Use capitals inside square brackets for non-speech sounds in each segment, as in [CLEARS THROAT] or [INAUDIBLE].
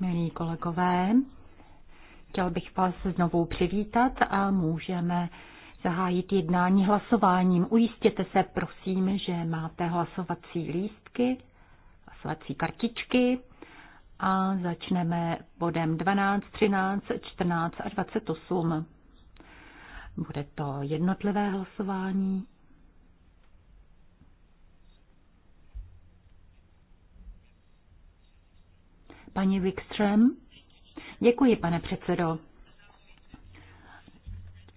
Milí kolegové, chtěl bych vás znovu přivítat a můžeme zahájit jednání hlasováním. Ujistěte se, prosím, že máte hlasovací lístky, hlasovací kartičky a začneme bodem 12, 13, 14 a 28. Bude to jednotlivé hlasování. Paní Wikström. Děkuji, pane předsedo.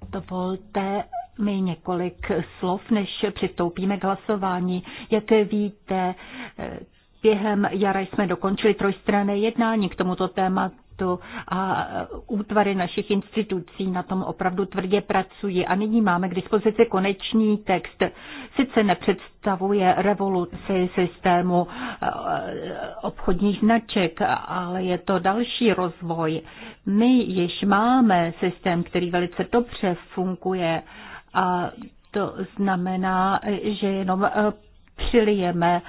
Dovolte mi několik slov, než přistoupíme k hlasování. Jak víte, během jara jsme dokončili trojstranné jednání k tomuto tématu to a útvary našich institucí na tom opravdu tvrdě pracují. A nyní máme k dispozici konečný text. Sice nepředstavuje revoluci systému eh, obchodních značek, ale je to další rozvoj. My již máme systém, který velice dobře funguje a to znamená, že jenom eh, přilijeme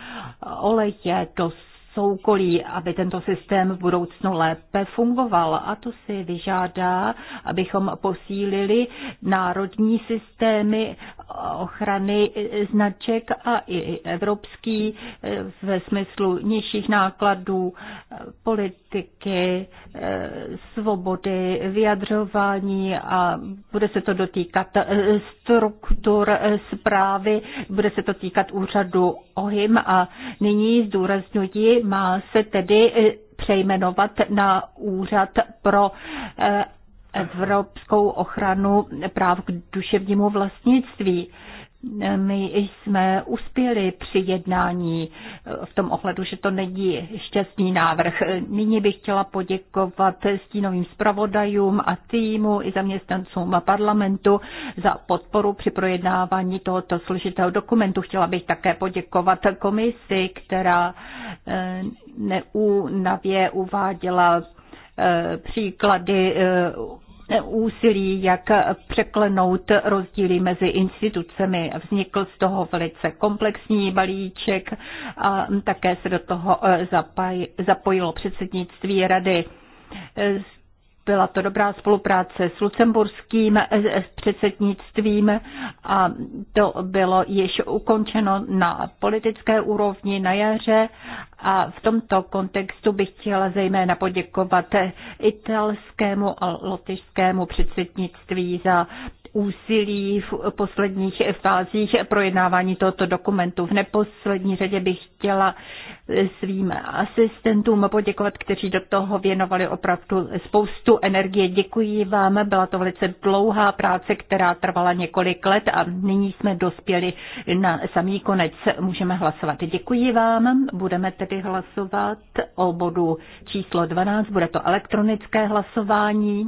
oleje do soukolí, aby tento systém v budoucnu lépe fungoval. A to si vyžádá, abychom posílili národní systémy ochrany značek a i evropský eh, ve smyslu nižších nákladů, polit politiky, eh, svobody, vyjadřování a bude se to dotýkat eh, struktur eh, zprávy, bude se to týkat úřadu OHIM a nyní zdůrazňuji, má se tedy přejmenovat na úřad pro Evropskou ochranu práv k duševnímu vlastnictví my jsme uspěli při jednání eh, v tom ohledu, že to není šťastný návrh. Nyní bych chtěla poděkovat stínovým zpravodajům a týmu i zaměstnancům parlamentu za podporu při projednávání tohoto složitého dokumentu. Chtěla bych také poděkovat komisi, která eh, neúnavě uváděla eh, příklady úsilí, jak překlenout rozdíly mezi institucemi. Vznikl z toho velice komplexní balíček a také se do toho eh, zapojilo předsednictví rady byla to dobrá spolupráce s lucemburským eh, eh, s předsednictvím a to bylo již ukončeno na politické úrovni na jaře a v tomto kontextu bych chtěla zejména poděkovat italskému a lotyšskému předsednictví za úsilí v posledních fázích projednávání tohoto dokumentu. V neposlední řadě bych chtěla svým asistentům poděkovat, kteří do toho věnovali opravdu spoustu energie. Děkuji vám, byla to velice dlouhá práce, která trvala několik let a nyní jsme dospěli na samý konec. Můžeme hlasovat. Děkuji vám, budeme tedy hlasovat o bodu číslo 12, bude to elektronické hlasování.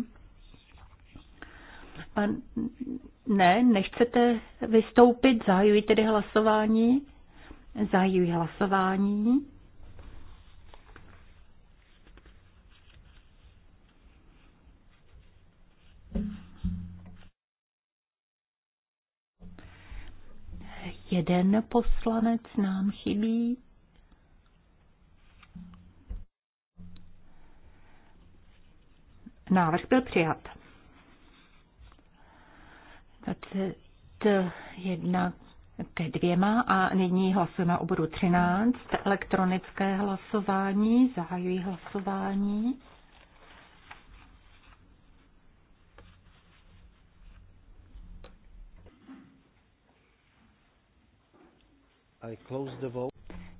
Ne, nechcete vystoupit, zahajuji tedy hlasování. Zahajuji hlasování. Jeden poslanec nám chybí. Návrh byl přijat. 21 ke dvěma a nyní hlasujeme o bodu 13. Elektronické hlasování. Zahajuji hlasování. I close the vote.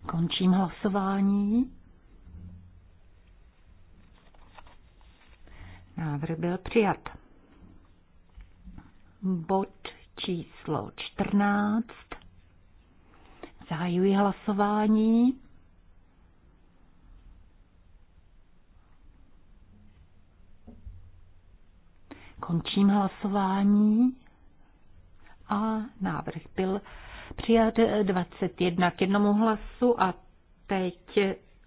Končím hlasování. Návrh byl přijat bod číslo 14. Zahajuji hlasování. Končím hlasování a návrh byl přijat 21 k jednomu hlasu a teď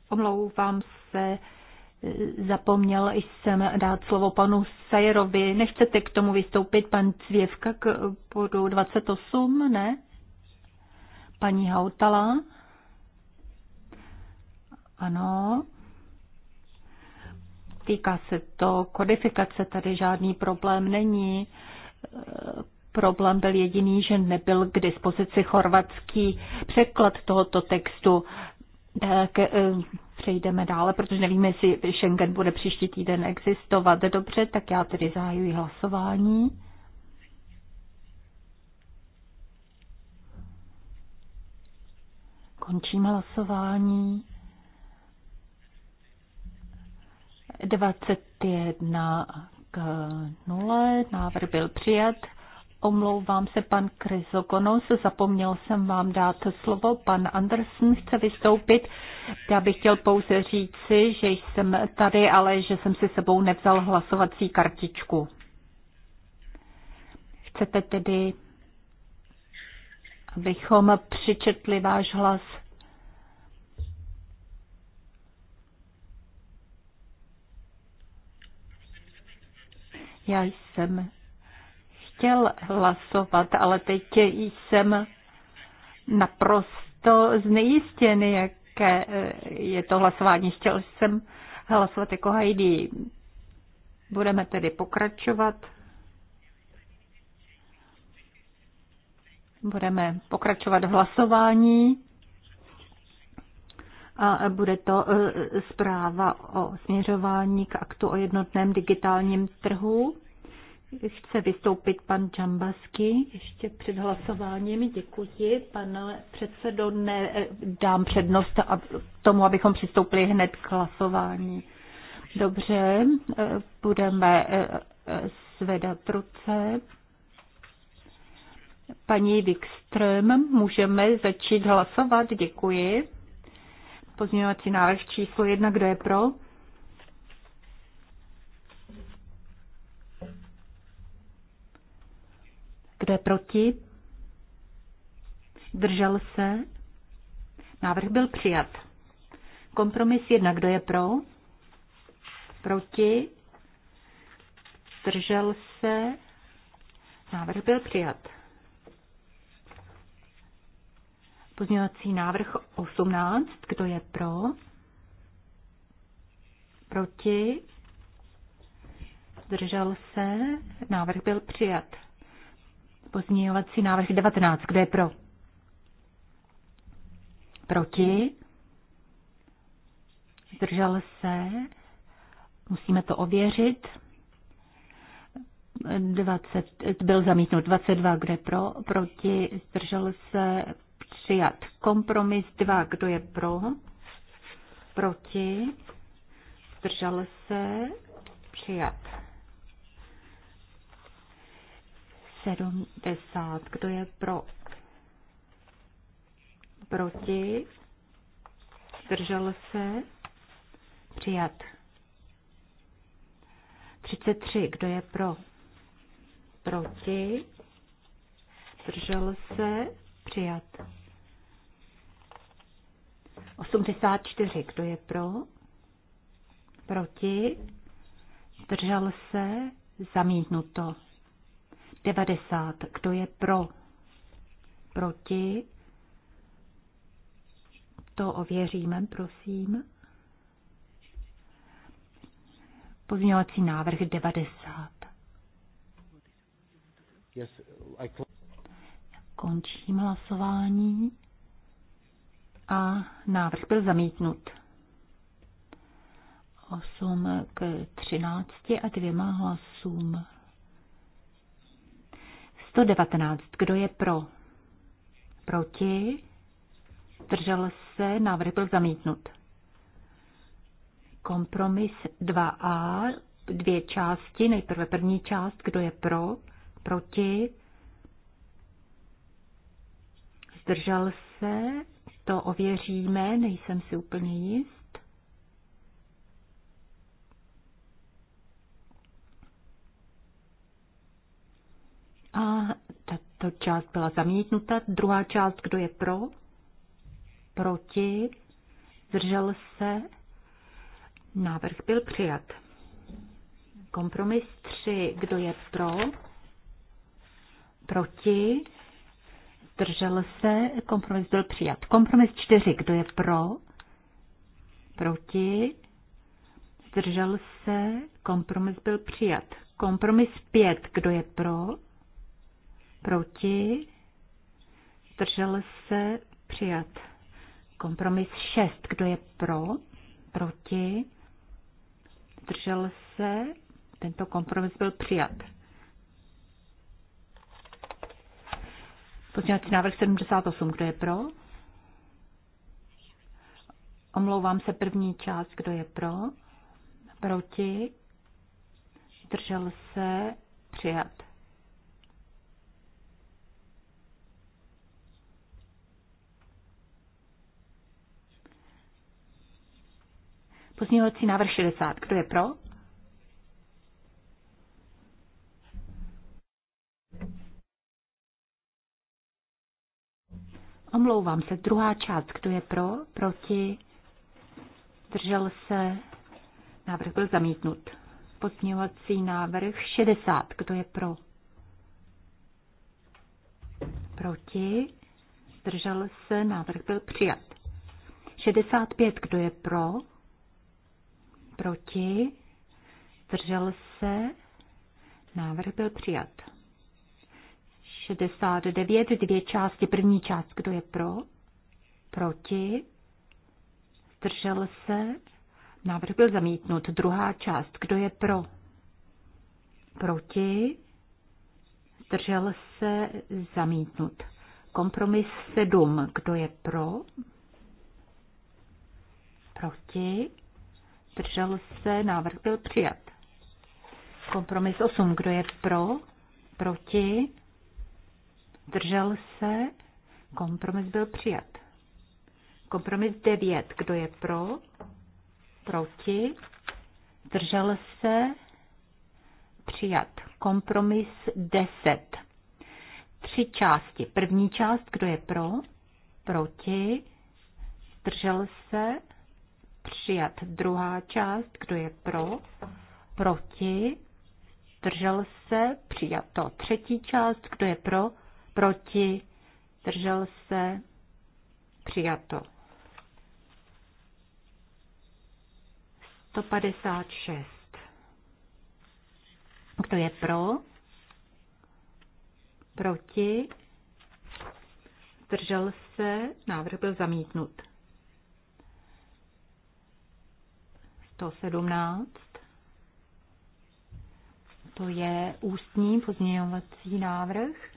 omlouvám se Zapomněl jsem dát slovo panu Sajerovi. Nechcete k tomu vystoupit, pan Cvěvka, k bodu 28, ne? Paní Hautala? Ano. Týká se to kodifikace, tady žádný problém není. Problém byl jediný, že nebyl k dispozici chorvatský překlad tohoto textu. Tak, eh, přejdeme dále, protože nevíme, jestli Schengen bude příští týden existovat. Dobře, tak já tedy zahajuji hlasování. Končím hlasování. 21 k 0, návrh byl přijat. Omlouvám se, pan Kryzokonos, zapomněl jsem vám dát slovo. Pan Andersen chce vystoupit. Já bych chtěl pouze říci, že jsem tady, ale že jsem si sebou nevzal hlasovací kartičku. Chcete tedy, abychom přičetli váš hlas? Já jsem chtěl hlasovat, ale teď jsem naprosto znejistěný, jaké eh, je to hlasování. Chtěl jsem hlasovat jako Heidi. Budeme tedy pokračovat. Budeme pokračovat v hlasování a bude to eh, zpráva o směřování k aktu o jednotném digitálním trhu chce vystoupit pan Čambasky ještě před hlasováním. Děkuji, pane předsedo, ne, dám přednost a tomu, abychom přistoupili hned k hlasování. Dobře, eh, budeme eh, eh, zvedat ruce. Paní Wikström, můžeme začít hlasovat, děkuji. Pozměňovací návrh číslo jedna, kdo je pro? Kdo je proti? Držel se? Návrh byl přijat. Kompromis jedna. Kdo je pro? Proti? Držel se? Návrh byl přijat. Pozměňovací návrh 18. Kdo je pro? Proti? držel se? Návrh byl přijat. Pozměňovací návrh 19. Kdo je pro? Proti? Zdržel se? Musíme to ověřit. 20, byl zamítnut 22, kde pro, proti, zdržel se přijat. Kompromis 2, kdo je pro, proti, zdržel se přijat. 70. Kdo je pro? Proti? Zdržel se? Přijat. 33. Kdo je pro? Proti? Zdržel se? Přijat. 84. Kdo je pro? Proti? Zdržel se? Zamítnuto. 90. Kdo je pro? Proti? To ověříme, prosím. Pozměňovací návrh 90. Končím hlasování a návrh byl zamítnut. 8 k 13 a dvěma hlasům. 119. Kdo je pro? Proti? Držel se? Návrh byl zamítnut. Kompromis 2a, dvě části. Nejprve první část. Kdo je pro? Proti? Zdržel se? To ověříme, nejsem si úplně jist. A tato část byla zamítnuta. Druhá část, kdo je pro? Proti? Zdržel se? Návrh byl přijat. Kompromis 3. Kdo je pro? Proti? Zdržel se? Kompromis byl přijat. Kompromis 4. Kdo je pro? Proti? Zdržel se? Kompromis byl přijat. Kompromis 5. Kdo je pro? proti, držel se, přijat. Kompromis 6, kdo je pro, proti, držel se, tento kompromis byl přijat. Pozměňovací návrh 78, kdo je pro? Omlouvám se první část, kdo je pro? Proti? Držel se? Přijat. Pozměňovací návrh 60. Kdo je pro? Omlouvám se, druhá část, kdo je pro, proti, držel se, návrh byl zamítnut. Pozměňovací návrh 60, kdo je pro, proti, držel se, návrh byl přijat. 65, kdo je pro, Proti? Zdržel se? Návrh byl přijat. 69, dvě části. První část, kdo je pro? Proti? Zdržel se? Návrh byl zamítnut. Druhá část, kdo je pro? Proti? Zdržel se? Zamítnut. Kompromis 7, kdo je pro? Proti? zdržel se, návrh byl přijat. Kompromis 8, kdo je pro, proti, zdržel se, kompromis byl přijat. Kompromis 9, kdo je pro, proti, zdržel se, přijat. Kompromis 10. Tři části. První část, kdo je pro, proti, zdržel se, přijat. Druhá část, kdo je pro, proti, držel se, přijato. Třetí část, kdo je pro, proti, držel se, přijato. 156. Kdo je pro? Proti? držel se? Návrh byl zamítnut. 117. To je ústní pozměňovací návrh.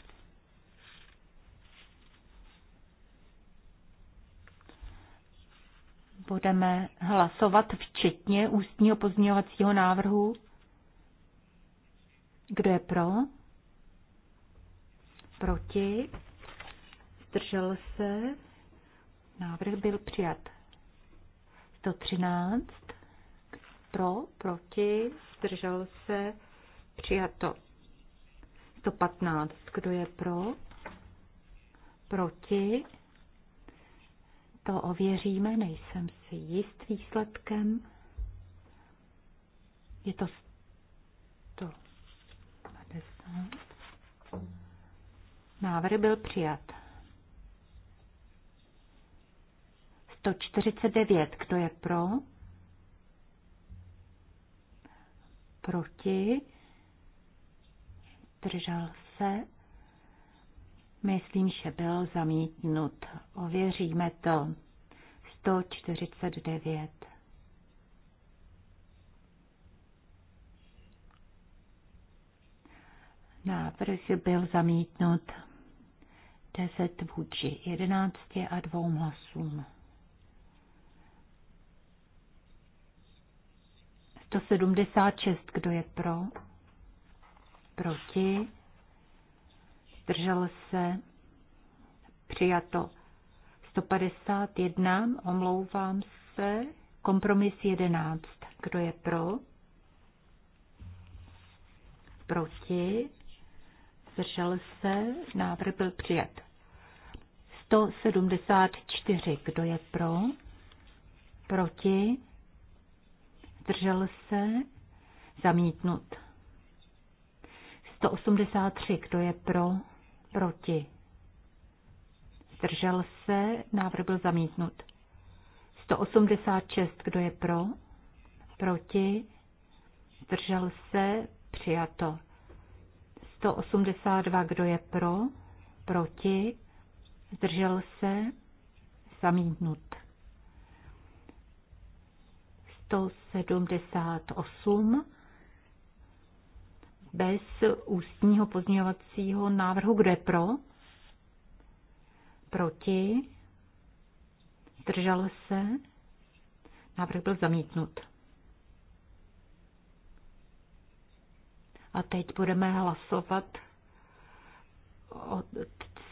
Budeme hlasovat včetně ústního pozměňovacího návrhu. Kdo je pro? Proti? Zdržel se? Návrh byl přijat. 113 pro, proti, zdržel se, přijato. 115, kdo je pro, proti, to ověříme, nejsem si jist výsledkem. Je to 150. Návrh byl přijat. 149, kdo je pro? proti, držel se, myslím, že byl zamítnut. Ověříme to. 149. Návrh byl zamítnut 10 vůči 11 a 2 hlasům. 176. Kdo je pro? Proti? Zdržel se? Přijato. 151. Omlouvám se. Kompromis 11. Kdo je pro? Proti? Zdržel se? Návrh byl přijat. 174. Kdo je pro? Proti? zdržel se, zamítnut. 183, kdo je pro, proti, zdržel se, návrh byl zamítnut. 186, kdo je pro, proti, zdržel se, přijato. 182, kdo je pro, proti, zdržel se, zamítnut. 178 bez ústního pozměňovacího návrhu. Kdo je pro? Proti? Zdržel se? Návrh byl zamítnut. A teď budeme hlasovat o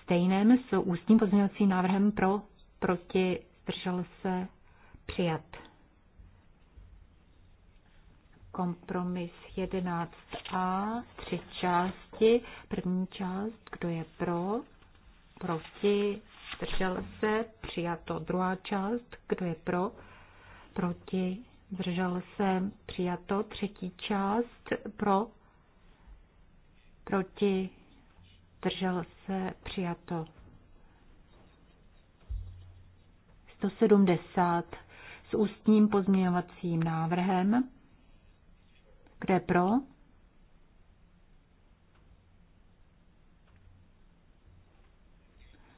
stejném s ústním pozměňovacím návrhem pro, proti, zdržel se, přijat. Kompromis 11a, tři části. První část, kdo je pro, proti, zdržel se, přijato. Druhá část, kdo je pro, proti, zdržel se, přijato. Třetí část, pro, proti, zdržel se, přijato. 170 s ústním pozměňovacím návrhem. Kdo je pro?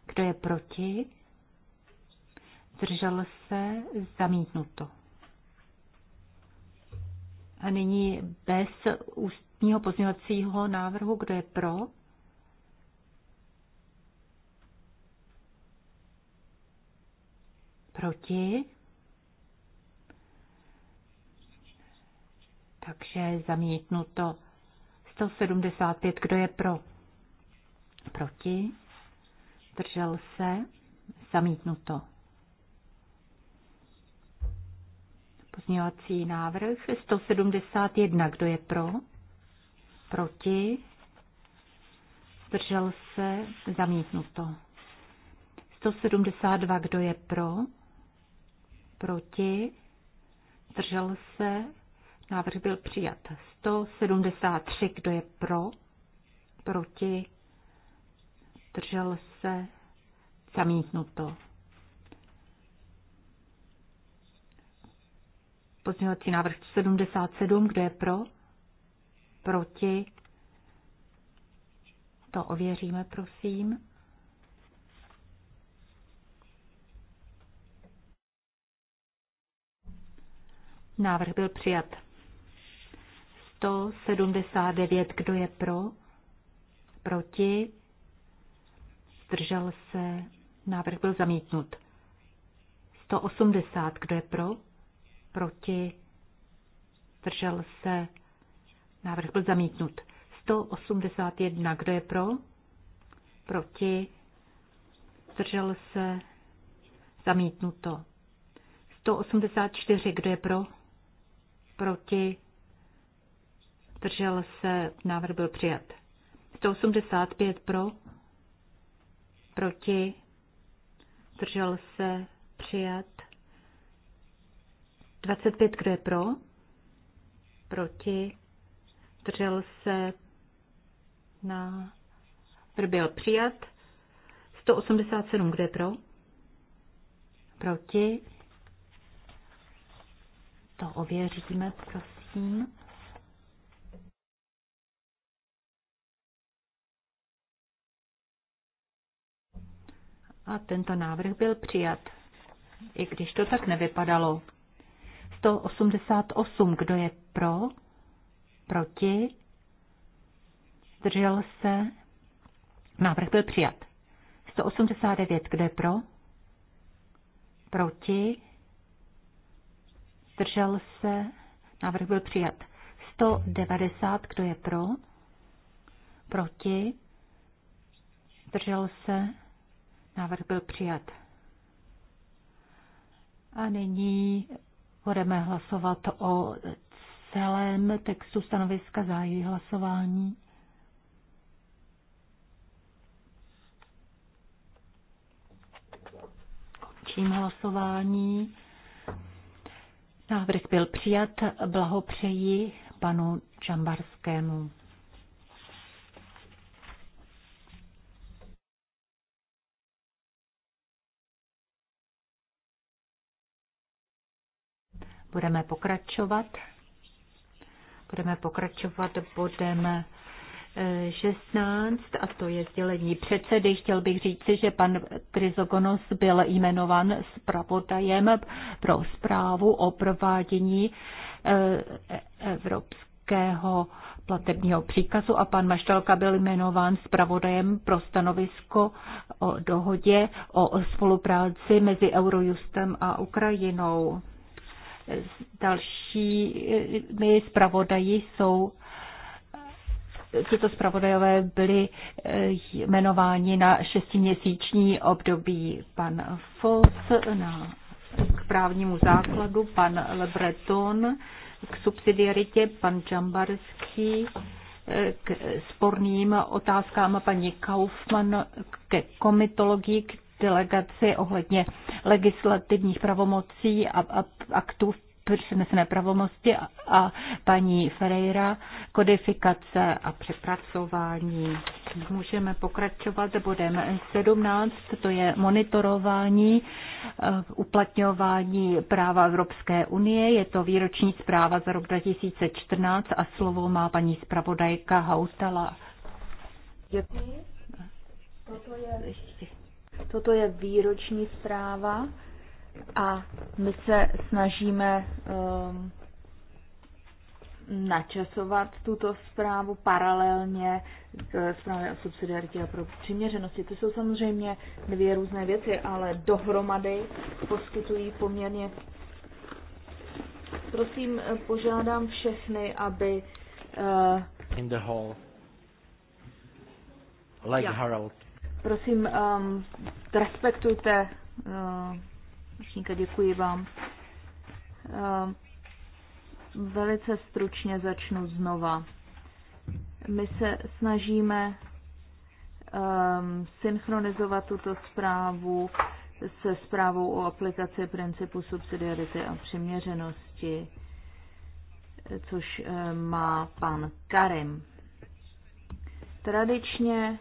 Kdo je proti? Zdržel se zamítnuto. A nyní bez ústního pozměňovacího návrhu, kdo je pro? Proti? Takže zamítnuto 175. Kdo je pro? Proti? Držel se? Zamítnuto. Pozměňovací návrh 171. Kdo je pro? Proti? Zdržel se? Zamítnuto. 172. Kdo je pro? Proti? Zdržel se? Návrh byl přijat. 173, kdo je pro, proti, držel se, zamítnuto. Pozměňovací návrh 77, kdo je pro, proti, to ověříme, prosím. Návrh byl přijat. 179. Kdo je pro? Proti? Zdržel se? Návrh byl zamítnut. 180. Kdo je pro? Proti? Zdržel se? Návrh byl zamítnut. 181. Kdo je pro? Proti? Zdržel se? Zamítnuto. 184. Kdo je pro? Proti? zdržel se, návrh byl přijat. 185 pro, proti, zdržel se, přijat. 25, kdo je pro, proti, zdržel se, na, byl přijat. 187, kdo je pro, proti, to ověříme, prosím. A tento návrh byl přijat, i když to tak nevypadalo. 188, kdo je pro, proti, zdržel se, návrh byl přijat. 189, kdo je pro, proti, zdržel se, návrh byl přijat. 190, kdo je pro, proti, zdržel se, Návrh byl přijat. A nyní budeme hlasovat o celém textu stanoviska její hlasování. Končím hlasování. Návrh byl přijat. Blahopřeji panu Čambarskému. Budeme pokračovat. Budeme pokračovat bodem 16 eh, a to je sdělení předsedy. Chtěl bych říci, že pan Trizogonos byl jmenovan zpravodajem pro zprávu o provádění eh, evropského platebního příkazu a pan Maštalka byl jmenován zpravodajem pro stanovisko o dohodě o spolupráci mezi Eurojustem a Ukrajinou my zpravodaji jsou tyto zpravodajové byly eh, jmenováni na šestiměsíční období. Pan Foss na, k právnímu základu, pan Lebreton k subsidiaritě, pan Džambarský eh, k sporným otázkám paní Kaufmann ke komitologii, k delegaci ohledně legislativních pravomocí a, a aktů v přenesené pravomosti a paní Ferreira kodifikace a přepracování. Můžeme pokračovat bodem 17, to je monitorování eh, uplatňování práva Evropské unie. Je to výroční zpráva za rok 2014 a slovo má paní zpravodajka Hautala. Děkuji. Toto je Toto je výroční zpráva a my se snažíme um, načasovat tuto zprávu paralelně k eh, zprávě o subsidiaritě a pro přiměřenosti. To jsou samozřejmě dvě různé věci, ale dohromady poskytují poměrně. Prosím, eh, požádám všechny, aby. Uh, In the hall. Like yeah. Harold. Prosím, um, respektujte uh, děkuji vám. Uh, velice stručně začnu znova. My se snažíme um, synchronizovat tuto zprávu se zprávou o aplikaci principu subsidiarity a přiměřenosti, což eh, má pan Karim. Tradičně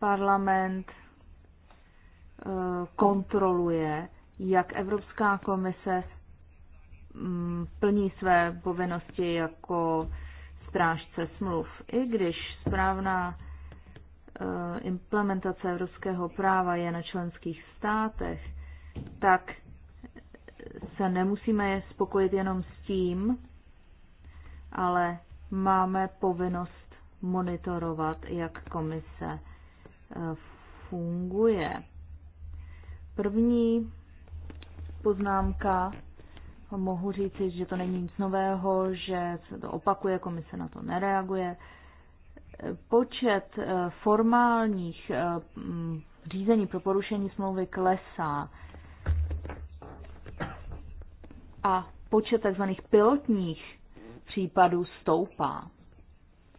Parlament eh, kontroluje, jak Evropská komise mm, plní své povinnosti jako strážce smluv. I když správná eh, implementace evropského práva je na členských státech, tak se nemusíme spokojit jenom s tím, ale máme povinnost monitorovat, jak komise funguje. První poznámka, mohu říci, že to není nic nového, že se to opakuje, komise na to nereaguje. Počet eh, formálních eh, řízení pro porušení smlouvy klesá a počet tzv. pilotních případů stoupá.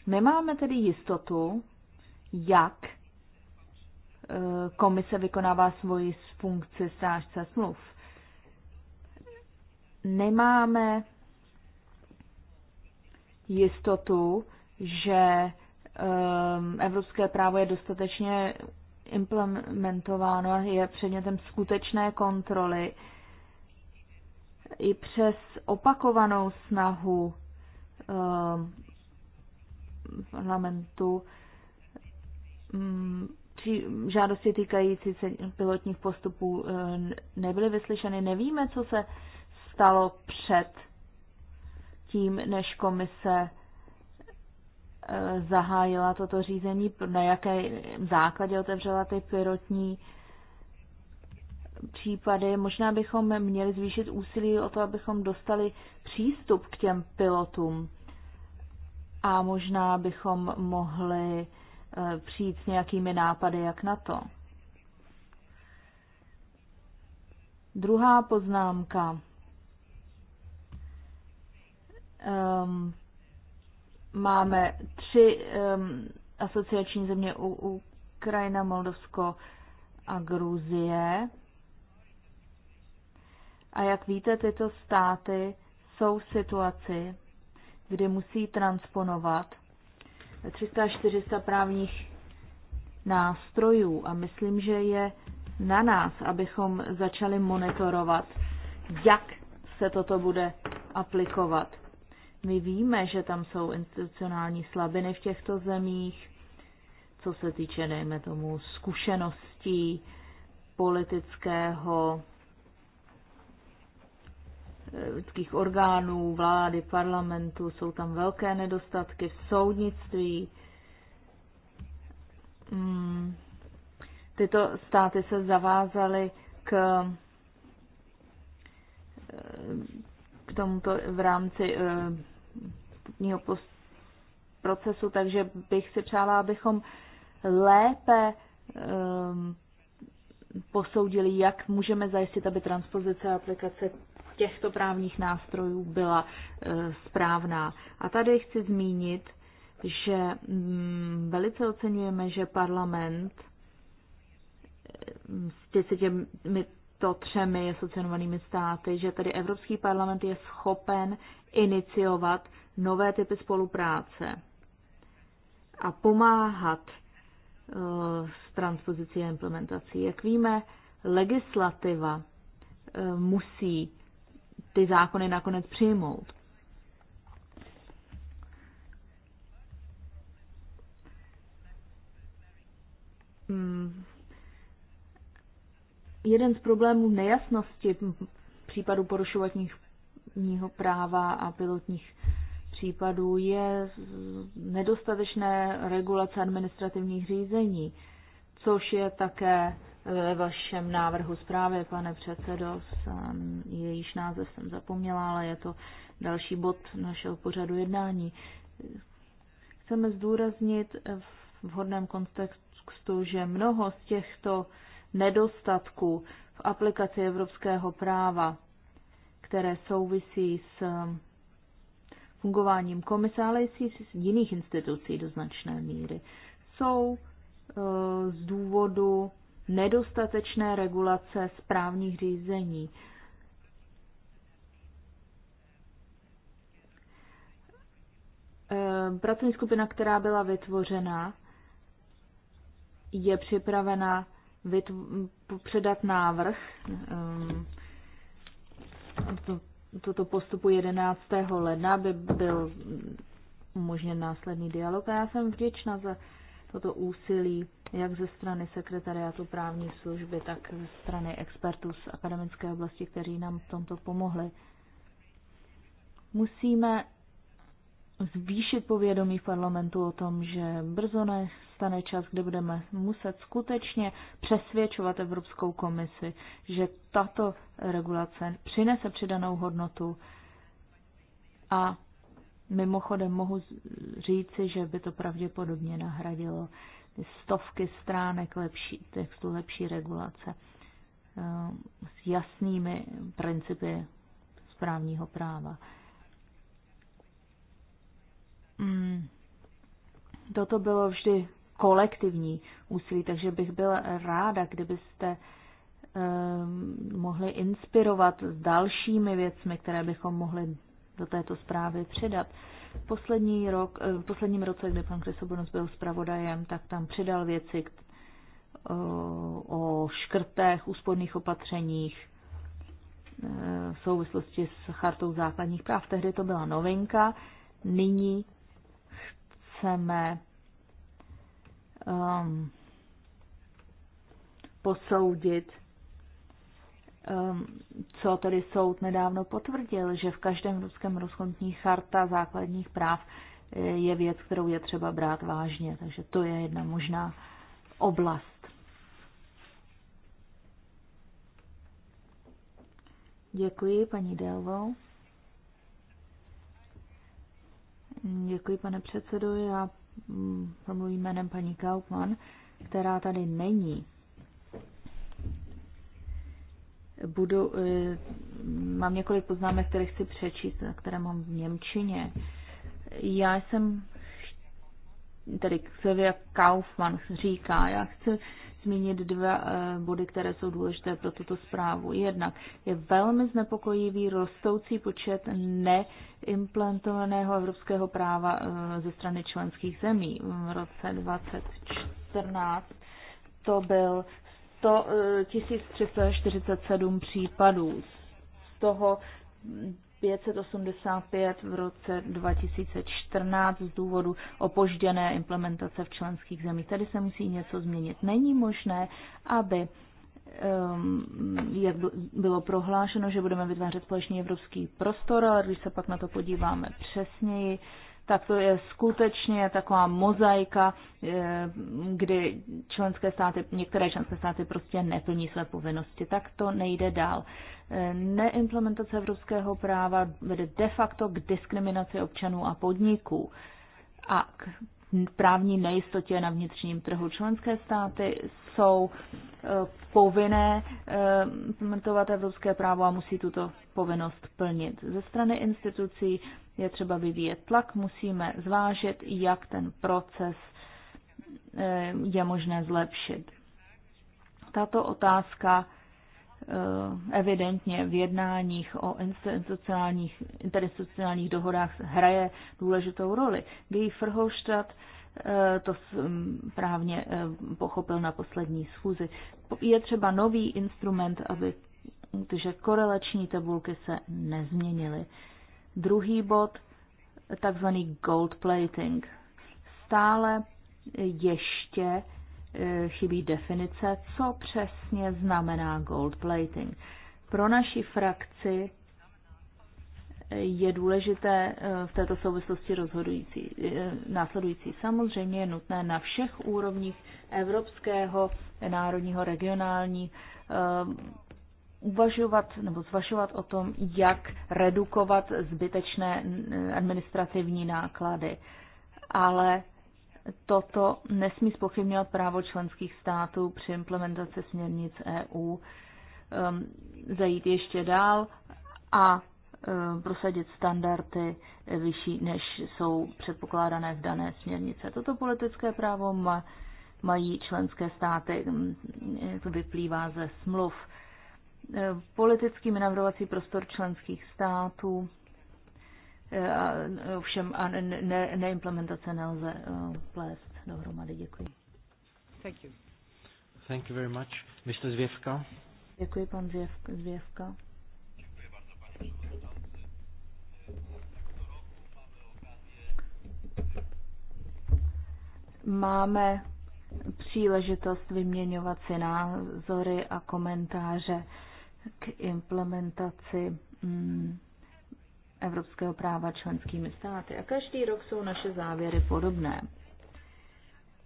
Nemáme tedy jistotu, jak Eh, komise vykonává svoji funkci strážce smluv. Nemáme jistotu, že eh, evropské právo je dostatečně implementováno, je předmětem skutečné kontroly. I přes opakovanou snahu eh, parlamentu mm, při žádosti týkající se pilotních postupů eh, nebyly vyslyšeny. Nevíme, co se stalo před tím, než komise eh, zahájila toto řízení, na jaké základě otevřela ty pilotní případy. Možná bychom měli zvýšit úsilí o to, abychom dostali přístup k těm pilotům a možná bychom mohli Eh, přijít s nějakými nápady, jak na to. Druhá poznámka. Um, máme tři um, asociační země u Ukrajina, Moldovsko a Gruzie. A jak víte, tyto státy jsou v situaci, kdy musí transponovat 300-400 právních nástrojů a myslím, že je na nás, abychom začali monitorovat, jak se toto bude aplikovat. My víme, že tam jsou institucionální slabiny v těchto zemích, co se týče, dejme tomu, zkušeností politického lidských orgánů, vlády, parlamentu, jsou tam velké nedostatky v soudnictví. Hmm. Tyto státy se zavázaly k, eh, k tomuto v rámci vstupního eh, procesu, takže bych si přála, abychom lépe eh, posoudili, jak můžeme zajistit, aby transpozice a aplikace těchto právních nástrojů byla e, správná. A tady chci zmínit, že mm, velice oceňujeme, že parlament e, s těmi to třemi asociovanými státy, že tedy Evropský parlament je schopen iniciovat nové typy spolupráce a pomáhat e, s transpozicí a implementací. Jak víme, legislativa musí ty zákony nakonec přijmout. Hmm. Jeden z problémů nejasnosti případu porušovatního práva a pilotních případů je nedostatečné regulace administrativních řízení, což je také ve vašem návrhu zprávy, pane předsedo. Jsem, jejíž název jsem zapomněla, ale je to další bod našeho pořadu jednání. Chceme zdůraznit v vhodném kontextu, že mnoho z těchto nedostatků v aplikaci evropského práva, které souvisí s fungováním komise, ale i z jiných institucí do značné míry, jsou e, z důvodu nedostatečné regulace správních řízení. Ehm, pracovní skupina, která byla vytvořena, je připravena předat návrh ehm, to, toto postupu 11. ledna by byl umožněn následný dialog. A já jsem vděčna za toto úsilí jak ze strany sekretariátu právní služby, tak ze strany expertů z akademické oblasti, kteří nám v tomto pomohli. Musíme zvýšit povědomí v parlamentu o tom, že brzo nestane čas, kde budeme muset skutečně přesvědčovat Evropskou komisi, že tato regulace přinese přidanou hodnotu a mimochodem mohu říci, že by to pravděpodobně nahradilo stovky stránek lepší, textu lepší regulace eh, s jasnými principy správního práva. Hmm. Toto bylo vždy kolektivní úsilí, takže bych byla ráda, kdybyste eh, mohli inspirovat s dalšími věcmi, které bychom mohli do této zprávy přidat. Poslední rok, eh, v posledním roce, kdy pan Krysobonos byl zpravodajem, tak tam přidal věci eh, o škrtech, úsporných opatřeních eh, v souvislosti s chartou základních práv. Tehdy to byla novinka, nyní chceme um, posoudit Um, co tedy soud nedávno potvrdil, že v každém ruském rozhodnutí charta základních práv eh, je věc, kterou je třeba brát vážně. Takže to je jedna možná oblast. Děkuji, paní Delvo. Děkuji, pane předsedo. Já mm, promluvím jménem paní Kaufmann, která tady není. budu, eh, mám několik poznámek, které chci přečíst, které mám v Němčině. Já jsem, tedy Sylvia Kaufmann říká, já chci zmínit dva eh, body, které jsou důležité pro tuto zprávu. Jednak je velmi znepokojivý rostoucí počet neimplantovaného evropského práva eh, ze strany členských zemí. V roce 2014 to byl 100, 1347 eh, případů, z toho 585 v roce 2014 z důvodu opožděné implementace v členských zemích. Tady se musí něco změnit. Není možné, aby ehm, jak bylo prohlášeno, že budeme vytvářet společný evropský prostor, ale když se pak na to podíváme přesněji, tak to je skutečně taková mozaika, eh, kdy členské státy, některé členské státy prostě neplní své povinnosti. Tak to nejde dál. Eh, neimplementace evropského práva vede de facto k diskriminaci občanů a podniků a k právní nejistotě na vnitřním trhu. Členské státy jsou eh, povinné implementovat evropské právo a musí tuto povinnost plnit. Ze strany institucí je třeba vyvíjet tlak, musíme zvážit, jak ten proces eh, je možné zlepšit. Tato otázka eh, evidentně v jednáních o institucionálních, interinstitucionálních dohodách hraje důležitou roli. Guy Frhoštad eh, to právně pochopil na poslední schůzi. Je třeba nový instrument, aby že korelační tabulky se nezměnily. Druhý bod, takzvaný gold plating. Stále ještě e, chybí definice, co přesně znamená gold plating. Pro naši frakci e, je důležité e, v této souvislosti rozhodující, následující. Samozřejmě je nutné na všech úrovních evropského, národního, regionální uvažovat nebo zvažovat o tom, jak redukovat zbytečné administrativní náklady. Ale toto nesmí spochybňovat právo členských států při implementaci směrnic EU um, zajít ještě dál a um, prosadit standardy vyšší, než jsou předpokládané v dané směrnice. Toto politické právo mají členské státy, um, to vyplývá ze smluv. Eh, politický manevrovací prostor členských států, eh, a, eh, ovšem a ne, neimplementace nelze plést dohromady. Děkuji. Thank you. Thank you very much. Mr. Zvěvka. Děkuji, pan Zvěvka. Máme příležitost vyměňovat si názory a komentáře k implementaci mm, evropského práva členskými státy. A každý rok jsou naše závěry podobné.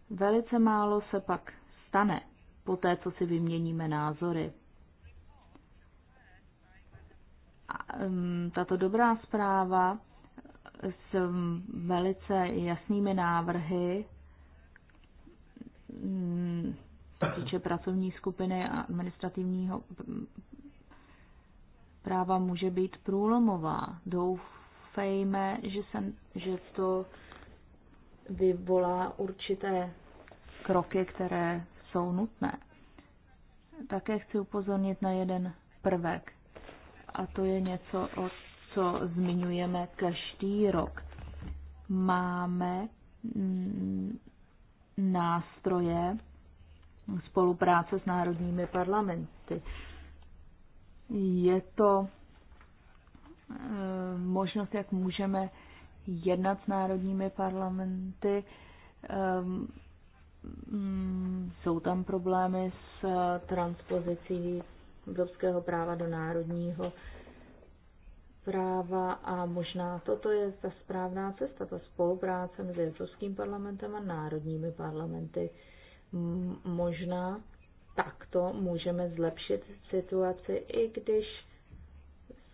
Velice málo se pak stane po té, co si vyměníme názory. A, mm, tato dobrá zpráva s velice jasnými návrhy um, týče pracovní skupiny a administrativního práva může být průlomová. Doufejme, že, se, že to vyvolá určité kroky, které jsou nutné. Také chci upozornit na jeden prvek, a to je něco, o co zmiňujeme každý rok. Máme mm, nástroje spolupráce s národními parlamenty. Je to eh, možnost, jak můžeme jednat s národními parlamenty. Ehm, mm, jsou tam problémy s eh, transpozicí evropského práva do národního práva a možná toto je ta správná cesta, ta spolupráce mezi Evropským parlamentem a národními parlamenty. Možná takto můžeme zlepšit situaci, i když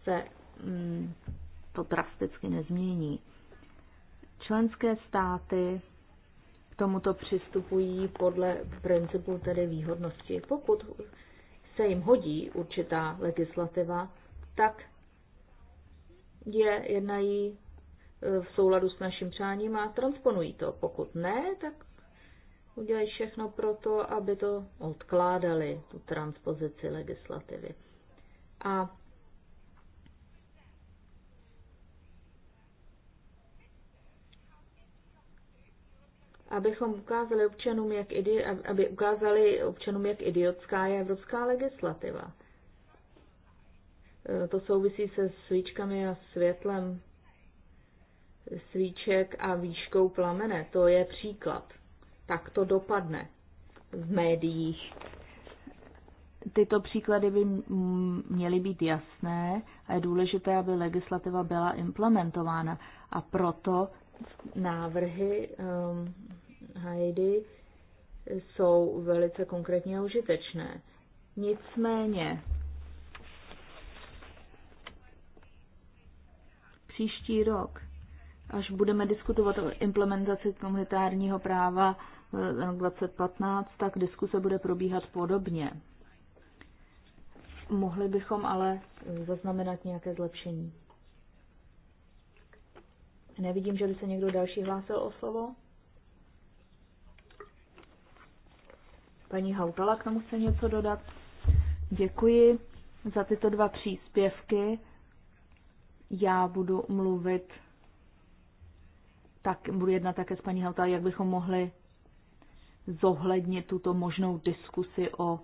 se mm, to drasticky nezmění. Členské státy k tomuto přistupují podle principu tedy výhodnosti. Pokud se jim hodí určitá legislativa, tak je jednají v souladu s naším přáním a transponují to. Pokud ne, tak udělají všechno pro to, aby to odkládali, tu transpozici legislativy. A abychom ukázali občanům, jak idi, aby ukázali občanům, jak idiotská je evropská legislativa. E, to souvisí se svíčkami a světlem svíček a výškou plamene. To je příklad tak to dopadne v médiích. Tyto příklady by měly být jasné a je důležité, aby legislativa byla implementována. A proto návrhy um, Heidi jsou velice konkrétně a užitečné. Nicméně příští rok, až budeme diskutovat o implementaci komunitárního práva, 2015, tak diskuse bude probíhat podobně. Mohli bychom ale zaznamenat nějaké zlepšení. Nevidím, že by se někdo další hlásil o slovo. Paní Hautala k tomu chce něco dodat. Děkuji za tyto dva příspěvky. Já budu mluvit, tak budu jednat také s paní Hautala, jak bychom mohli zohlednit tuto možnou diskusi o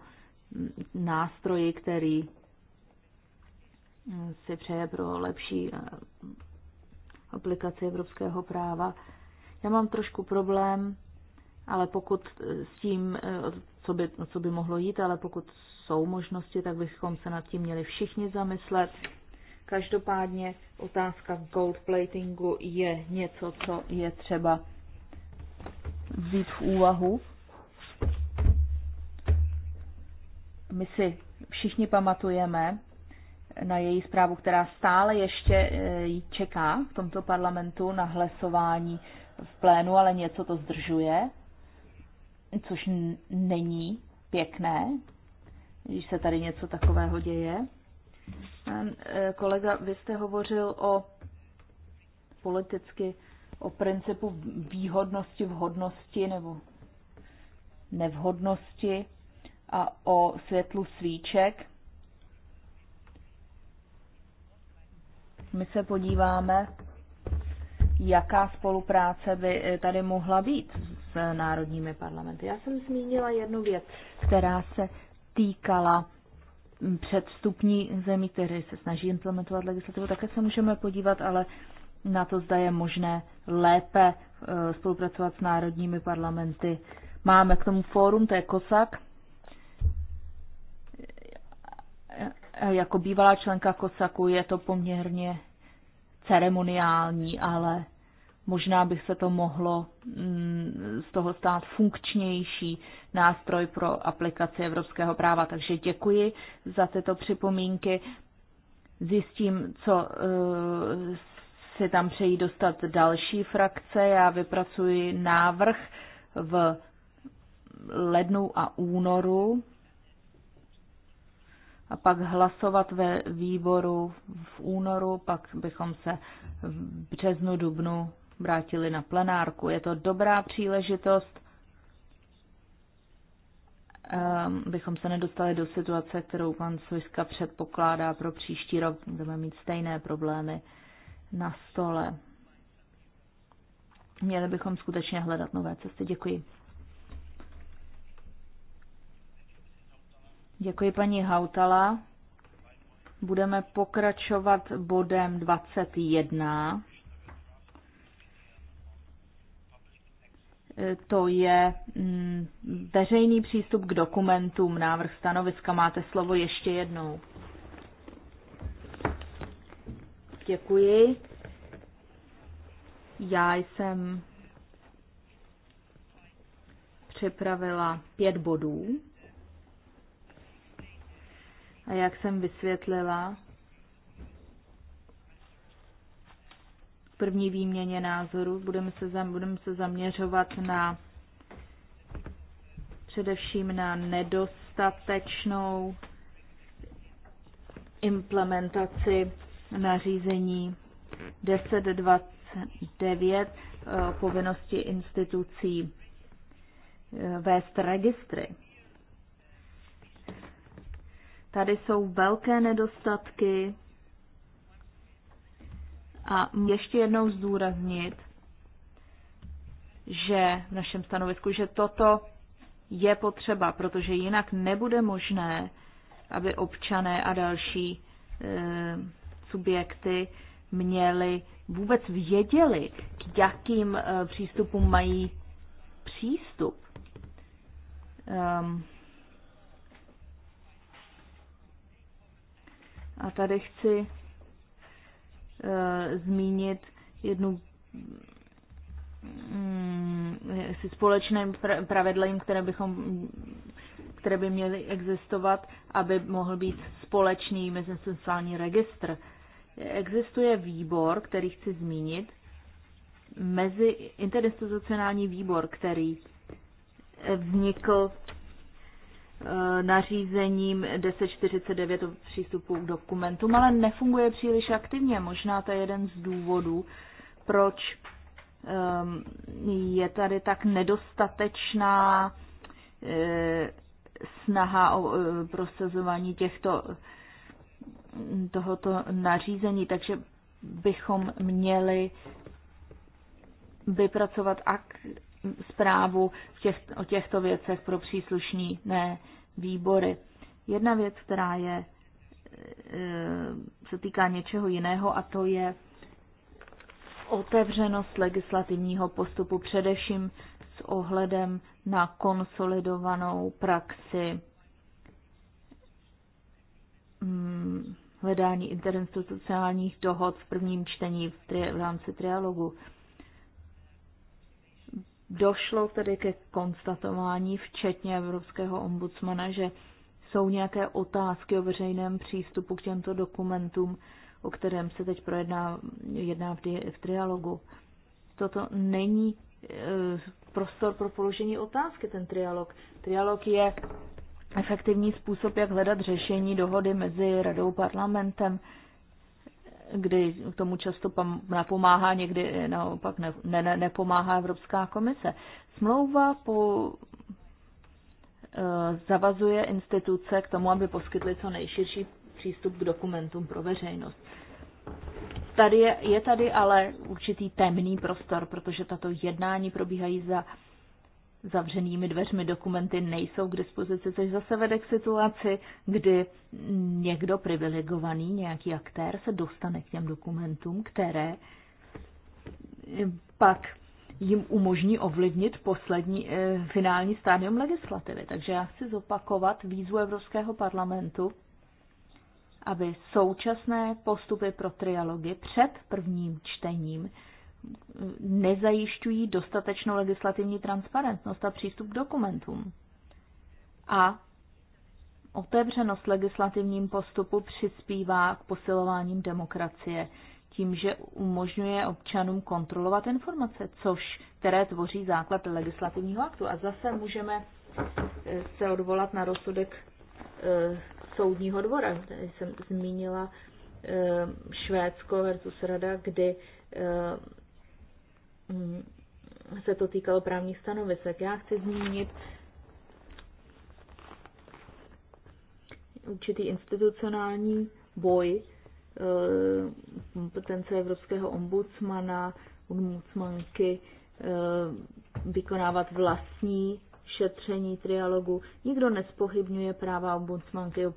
nástroji, který si přeje pro lepší eh, aplikaci evropského práva. Já mám trošku problém, ale pokud s tím, eh, co by, co by mohlo jít, ale pokud jsou možnosti, tak bychom se nad tím měli všichni zamyslet. Každopádně otázka gold platingu je něco, co je třeba vzít v úvahu My si všichni pamatujeme na její zprávu, která stále ještě jí e, čeká v tomto parlamentu na hlasování v plénu, ale něco to zdržuje, což není pěkné, když se tady něco takového děje. E, kolega, vy jste hovořil o politicky o principu výhodnosti, vhodnosti nebo nevhodnosti a o světlu svíček. My se podíváme, jaká spolupráce by eh, tady mohla být s eh, národními parlamenty. Já jsem zmínila jednu věc, která se týkala hm, předstupní zemí, které se snaží implementovat legislativu. Také se můžeme podívat, ale na to zda je možné lépe eh, spolupracovat s národními parlamenty. Máme k tomu fórum, to je COSAC, Jako bývalá členka Kosaku je to poměrně ceremoniální, ale možná by se to mohlo mm, z toho stát funkčnější nástroj pro aplikaci evropského práva. Takže děkuji za tyto připomínky. Zjistím, co eh, si tam přejí dostat další frakce. Já vypracuji návrh v lednu a únoru a pak hlasovat ve výboru v únoru, pak bychom se v březnu, dubnu vrátili na plenárku. Je to dobrá příležitost, ehm, bychom se nedostali do situace, kterou pan Sojska předpokládá pro příští rok. Budeme mít stejné problémy na stole. Měli bychom skutečně hledat nové cesty. Děkuji. Děkuji paní Hautala. Budeme pokračovat bodem 21. To je mm, veřejný přístup k dokumentům, návrh stanoviska. Máte slovo ještě jednou. Děkuji. Já jsem připravila pět bodů a jak jsem vysvětlila, v první výměně názorů budeme se, zam, budeme se zaměřovat na především na nedostatečnou implementaci nařízení 1029 eh, povinnosti institucí eh, vést registry. Tady jsou velké nedostatky a ještě jednou zdůraznit, že v našem stanovisku, že toto je potřeba, protože jinak nebude možné, aby občané a další e, subjekty měli vůbec věděli, k jakým e, přístupům mají přístup. Um, A tady chci e, zmínit jednu mm, společné pravidlem, které, bychom, které by měly existovat, aby mohl být společný mezinstitucionální registr. Existuje výbor, který chci zmínit, mezi interinstitucionální výbor, který vznikl Eh, nařízením 1049 o přístupu k dokumentům, ale nefunguje příliš aktivně. Možná to je jeden z důvodů, proč eh, je tady tak nedostatečná eh, snaha o prosazování těchto tohoto nařízení, takže bychom měli vypracovat zprávu těch, o těchto věcech pro příslušní ne výbory. Jedna věc, která je, e, se týká něčeho jiného, a to je otevřenost legislativního postupu, především s ohledem na konsolidovanou praxi mm, hledání interinstitucionálních dohod v prvním čtení v, tri, v rámci trialogu. Došlo tedy ke konstatování, včetně Evropského ombudsmana, že jsou nějaké otázky o veřejném přístupu k těmto dokumentům, o kterém se teď projedná, jedná v, di- v trialogu. Toto není e, prostor pro položení otázky, ten trialog. Trialog je efektivní způsob, jak hledat řešení dohody mezi radou parlamentem kdy k tomu často napomáhá, někdy naopak ne, ne, nepomáhá Evropská komise. Smlouva po, eh, zavazuje instituce k tomu, aby poskytly co nejširší přístup k dokumentům pro veřejnost. Tady je, je tady ale určitý temný prostor, protože tato jednání probíhají za zavřenými dveřmi dokumenty nejsou k dispozici, což zase vede k situaci, kdy někdo privilegovaný, nějaký aktér se dostane k těm dokumentům, které pak jim umožní ovlivnit poslední e, finální stádium legislativy. Takže já chci zopakovat výzvu Evropského parlamentu, aby současné postupy pro trialogy před prvním čtením nezajišťují dostatečnou legislativní transparentnost a přístup k dokumentům. A otevřenost legislativním postupu přispívá k posilováním demokracie tím, že umožňuje občanům kontrolovat informace, což, které tvoří základ legislativního aktu. A zase můžeme eh, se odvolat na rozsudek eh, soudního dvora. Tady jsem zmínila eh, Švédsko versus Rada, kdy Mm, se to týkalo právních stanovisek. Já chci zmínit určitý institucionální boj eh, kompetence evropského ombudsmana, ombudsmanky eh, vykonávat vlastní šetření trialogu. Nikdo nespochybňuje práva ombudsmanky o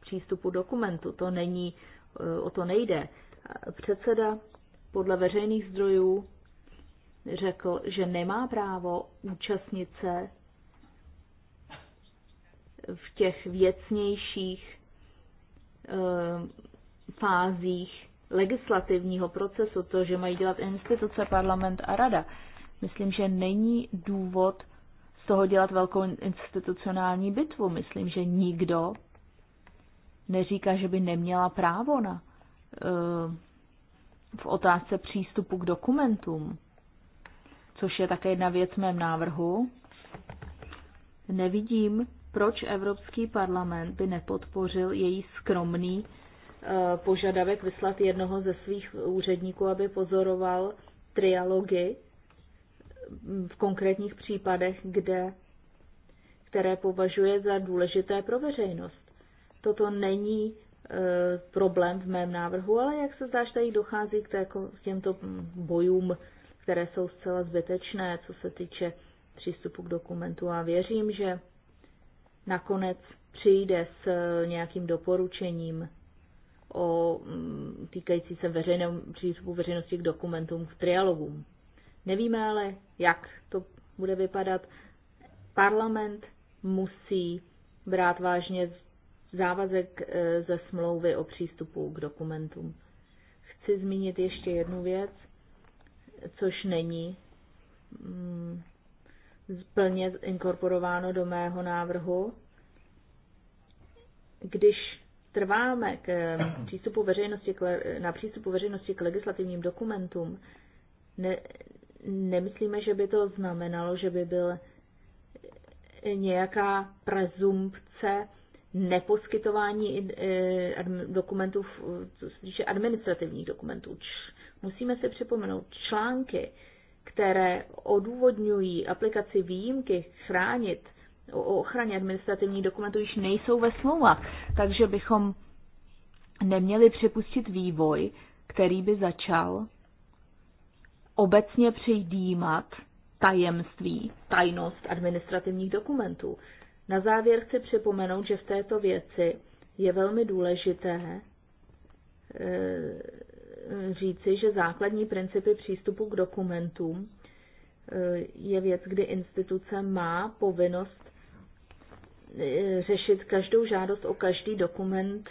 přístupu dokumentu. To není, eh, o to nejde. Předseda podle veřejných zdrojů řekl, že nemá právo účastnit se v těch věcnějších e, fázích legislativního procesu, to, že mají dělat instituce, parlament a rada. Myslím, že není důvod z toho dělat velkou institucionální bitvu. Myslím, že nikdo neříká, že by neměla právo na, e, v otázce přístupu k dokumentům což je také jedna věc v mém návrhu. Nevidím, proč Evropský parlament by nepodpořil její skromný eh, požadavek vyslat jednoho ze svých úředníků, aby pozoroval trialogy v konkrétních případech, kde, které považuje za důležité pro veřejnost. Toto není eh, problém v mém návrhu, ale jak se zdá, tady dochází k, k těmto bojům které jsou zcela zbytečné, co se týče přístupu k dokumentu a věřím, že nakonec přijde s eh, nějakým doporučením o mm, týkající se veřejného přístupu veřejnosti k dokumentům v trialogu. Nevíme ale, jak to bude vypadat. Parlament musí brát vážně závazek eh, ze smlouvy o přístupu k dokumentům. Chci zmínit ještě jednu věc což není mm, plně inkorporováno do mého návrhu. Když trváme k eh, přístupu veřejnosti, na přístupu veřejnosti k legislativním dokumentům, ne, nemyslíme, že by to znamenalo, že by byl nějaká prezumpce neposkytování eh, dokumentů, co se týče administrativních dokumentů. Musíme si připomenout články, které odůvodňují aplikaci výjimky chránit o ochraně administrativních dokumentů již nejsou ve smlouvách, takže bychom neměli připustit vývoj, který by začal obecně přijímat tajemství, tajnost administrativních dokumentů. Na závěr chci připomenout, že v této věci je velmi důležité eh, říci, že základní principy přístupu k dokumentům eh, je věc, kdy instituce má povinnost eh, řešit každou žádost o každý dokument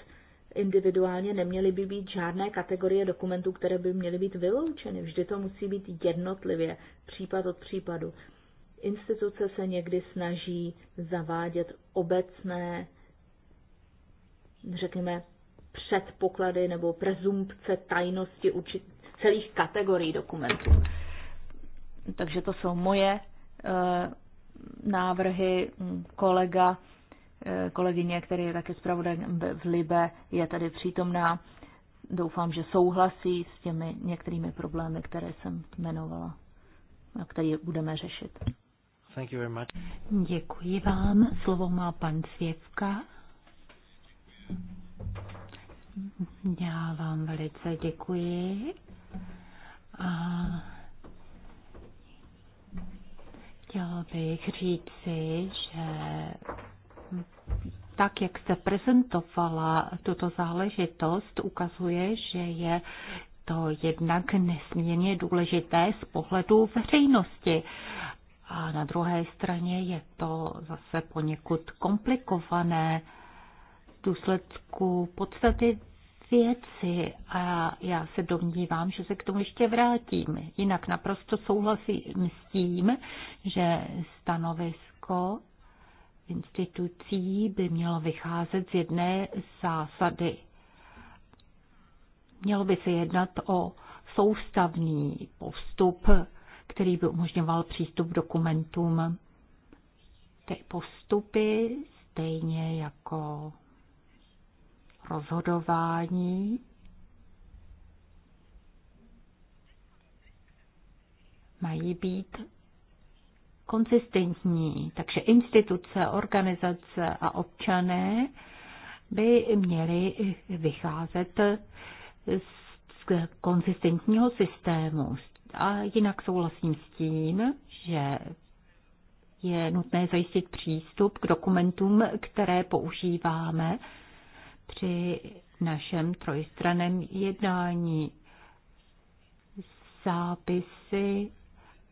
individuálně. Neměly by být žádné kategorie dokumentů, které by měly být vyloučeny. Vždy to musí být jednotlivě, případ od případu. Instituce se někdy snaží zavádět obecné, řekněme, předpoklady nebo prezumpce tajnosti určit, celých kategorií dokumentů. Takže to jsou moje eh, návrhy. Kolega, eh, kolegyně, který je také zpravodajem v Libe, je tady přítomná. Doufám, že souhlasí s těmi některými problémy, které jsem jmenovala a které budeme řešit. Thank you very much. Děkuji vám. Slovo má pan Svěvka. Já vám velice děkuji. A chtěla bych říci, že tak, jak se prezentovala tuto záležitost, ukazuje, že je to jednak nesmírně důležité z pohledu veřejnosti. A na druhé straně je to zase poněkud komplikované v důsledku podstaty věci a já se domnívám, že se k tomu ještě vrátím. Jinak naprosto souhlasím s tím, že stanovisko institucí by mělo vycházet z jedné zásady. Mělo by se jednat o soustavný postup, který by umožňoval přístup k dokumentům. Ty postupy, stejně jako rozhodování. Mají být konsistentní, takže instituce, organizace a občané by měli vycházet z konzistentního systému. A jinak souhlasím s tím, že je nutné zajistit přístup k dokumentům, které používáme při našem trojstraném jednání. Zápisy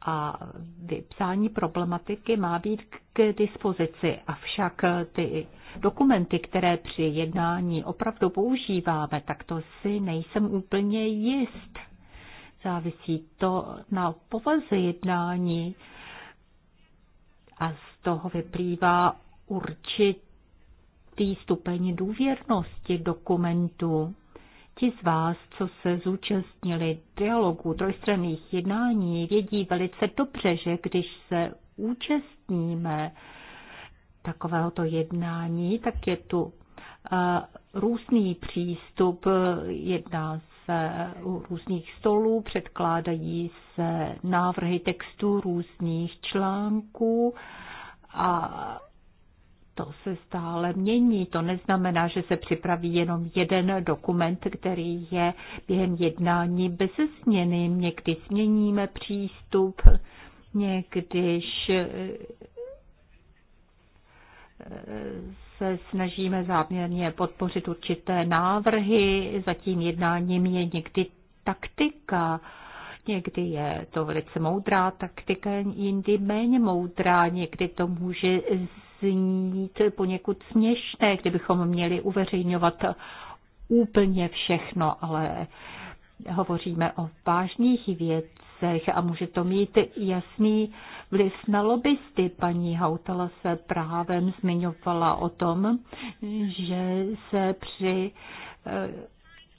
a vypsání problematiky má být k dispozici. Avšak ty dokumenty, které při jednání opravdu používáme, tak to si nejsem úplně jist. Závisí to na povaze jednání a z toho vyplývá určit jistý stupeň důvěrnosti dokumentu. Ti z vás, co se zúčastnili dialogu trojstranných jednání, vědí velice dobře, že když se účastníme takovéhoto jednání, tak je tu eh, různý přístup, jedná se u různých stolů, předkládají se návrhy textů různých článků a to se stále mění. To neznamená, že se připraví jenom jeden dokument, který je během jednání bez změny. Někdy změníme přístup, někdyž eh, se snažíme záměrně podpořit určité návrhy, zatím jednáním je někdy taktika. Někdy je to velice moudrá taktika, jindy méně moudrá, někdy to může znít poněkud směšné, kdybychom měli uveřejňovat úplně všechno, ale hovoříme o vážných věcech a může to mít jasný vliv na lobbysty. Paní Hautala se právem zmiňovala o tom, že se při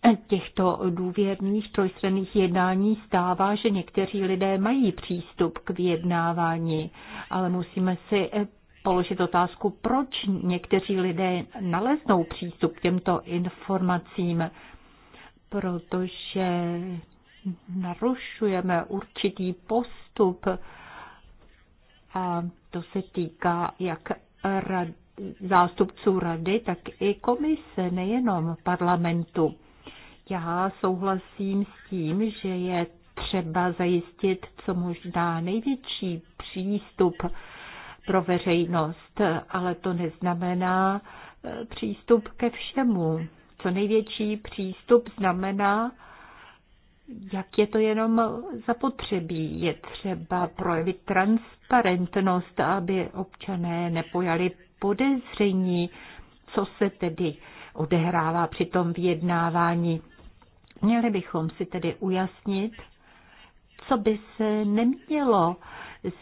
eh, těchto důvěrných trojstranných jednání stává, že někteří lidé mají přístup k vyjednávání, ale musíme si položit otázku, proč někteří lidé naleznou přístup k těmto informacím, protože narušujeme určitý postup a to se týká jak rad, zástupců rady, tak i komise, nejenom parlamentu. Já souhlasím s tím, že je třeba zajistit co možná největší přístup pro veřejnost, ale to neznamená eh, přístup ke všemu. Co největší přístup znamená, jak je to jenom zapotřebí. Je třeba projevit transparentnost, aby občané nepojali podezření, co se tedy odehrává při tom vyjednávání. Měli bychom si tedy ujasnit, co by se nemělo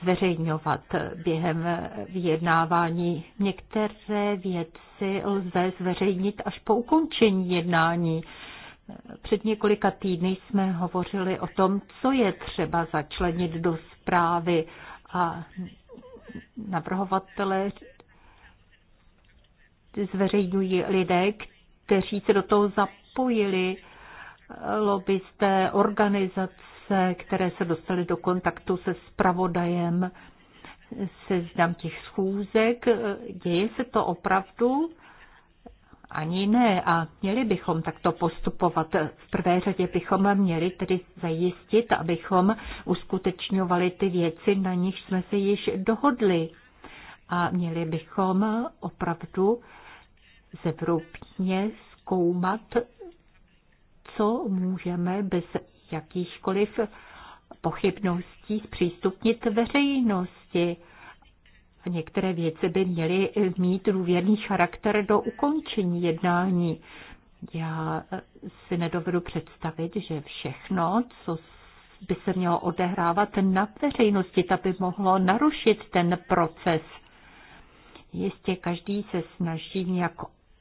zveřejňovat během vyjednávání. Některé věci lze zveřejnit až po ukončení jednání. Před několika týdny jsme hovořili o tom, co je třeba začlenit do zprávy a navrhovatele zveřejňují lidé, kteří se do toho zapojili, lobbysté, organizace, informace, které se dostaly do kontaktu se spravodajem, seznam těch schůzek. Děje se to opravdu? Ani ne. A měli bychom takto postupovat. V prvé řadě bychom měli tedy zajistit, abychom uskutečňovali ty věci, na nich jsme se již dohodli. A měli bychom opravdu zevrubně zkoumat, co můžeme bez jakýchkoliv pochybností zpřístupnit veřejnosti. Některé věci by měly mít důvěrný charakter do ukončení jednání. Já si nedovedu představit, že všechno, co by se mělo odehrávat na veřejnosti, ta by mohlo narušit ten proces. Jistě každý se snaží nějak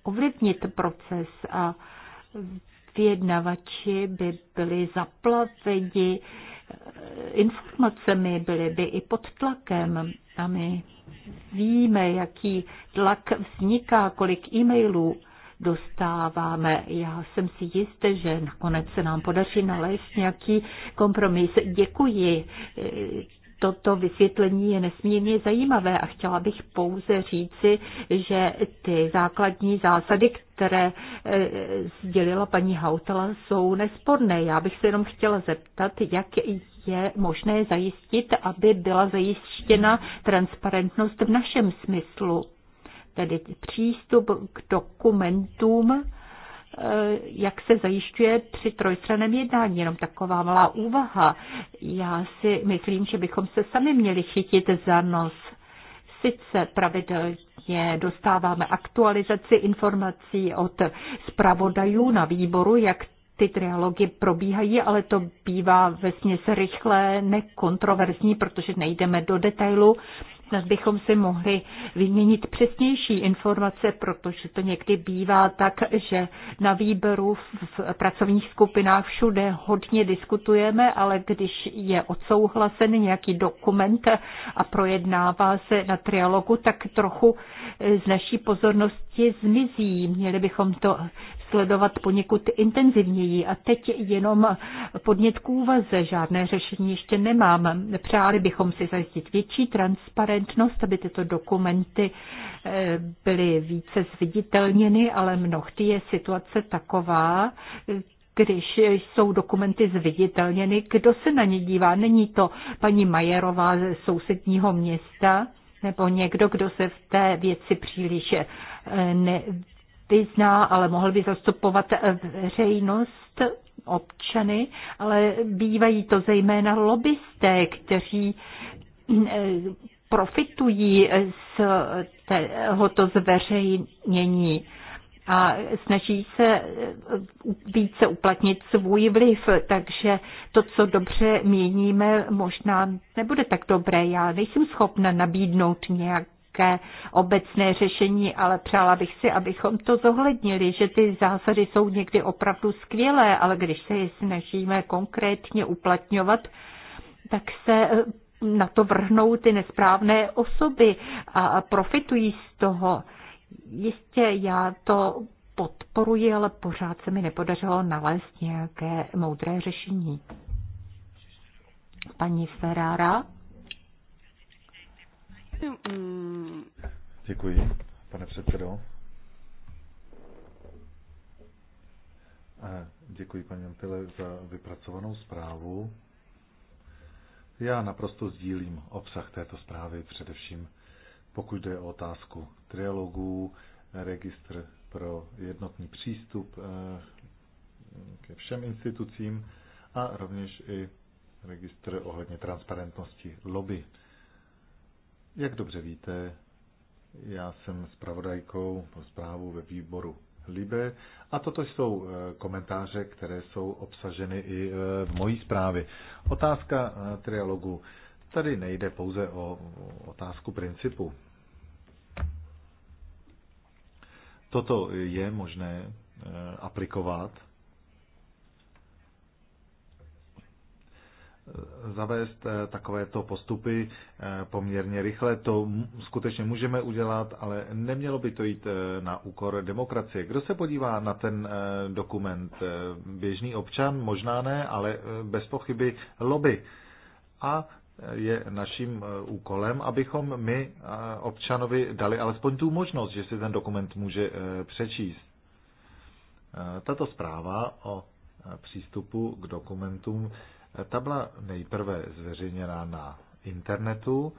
ovlivnit proces a vyjednavači by byli zaplaveni eh, informacemi, byli by i pod tlakem. A my víme, jaký tlak vzniká, kolik e-mailů dostáváme. Já jsem si jistý, že nakonec se nám podaří nalézt nějaký kompromis. Děkuji. Eh, toto vysvětlení je nesmírně zajímavé a chtěla bych pouze říci, že ty základní zásady, které eh, sdělila paní Hautala, jsou nesporné. Já bych se jenom chtěla zeptat, jak je možné zajistit, aby byla zajištěna transparentnost v našem smyslu, tedy přístup k dokumentům, eh, jak se zajišťuje při trojstraném jednání. Jenom taková malá úvaha. Já si myslím, že bychom se sami měli chytit za nos sice Pravidelně dostáváme aktualizaci informací od zpravodajů na výboru, jak ty trialogy probíhají, ale to bývá vesměs rychlé, nekontroverzní, protože nejdeme do detailu Snad bychom si mohli vyměnit přesnější informace, protože to někdy bývá tak, že na výberu v pracovních skupinách všude hodně diskutujeme, ale když je odsouhlasen nějaký dokument a projednává se na trialogu, tak trochu z naší pozornosti zmizí. Měli bychom to sledovat poněkud intenzivněji. A teď jenom podnět k úvaze. Žádné řešení ještě nemám. Přáli bychom si zajistit větší transparentnost, aby tyto dokumenty eh, byly více zviditelněny, ale mnohdy je situace taková, když jsou dokumenty zviditelněny, kdo se na ně dívá? Není to paní Majerová ze sousedního města nebo někdo, kdo se v té věci příliš eh, ty zná, ale mohl by zastupovat veřejnost, občany, ale bývají to zejména lobbysté, kteří eh, profitují z tohoto zveřejnění a snaží se eh, více uplatnit svůj vliv, takže to, co dobře měníme, možná nebude tak dobré. Já nejsem schopna nabídnout nějak nějaké obecné řešení, ale přála bych si, abychom to zohlednili, že ty zásady jsou někdy opravdu skvělé, ale když se je snažíme konkrétně uplatňovat, tak se eh, na to vrhnou ty nesprávné osoby a profitují z toho. Jistě já to podporuji, ale pořád se mi nepodařilo nalézt nějaké moudré řešení. Paní Ferrara. Mm. Děkuji, pane předsedo. děkuji paní Pile za vypracovanou zprávu. Já naprosto sdílím obsah této zprávy, především pokud jde o otázku trialogů, registr pro jednotný přístup eh, ke všem institucím a rovněž i registr ohledně transparentnosti lobby. Jak dobře víte, já jsem zpravodajkou pro zprávu ve výboru Libe a toto jsou eh, komentáře, které jsou obsaženy i eh, v mojí zprávě. Otázka eh, trialogu. Tady nejde pouze o otázku principu. Toto je možné aplikovat zavést eh, takovéto postupy eh, poměrně rychle. To skutečně můžeme udělat, ale nemělo by to jít eh, na úkor demokracie. Kdo se podívá na ten dokument? Běžný občan? Možná ne, ale bez pochyby lobby. A je naším úkolem, abychom my občanovi dali alespoň tu možnost, že si ten dokument může přečíst. Tato zpráva o přístupu k dokumentům ta byla nejprve zveřejněna na internetu,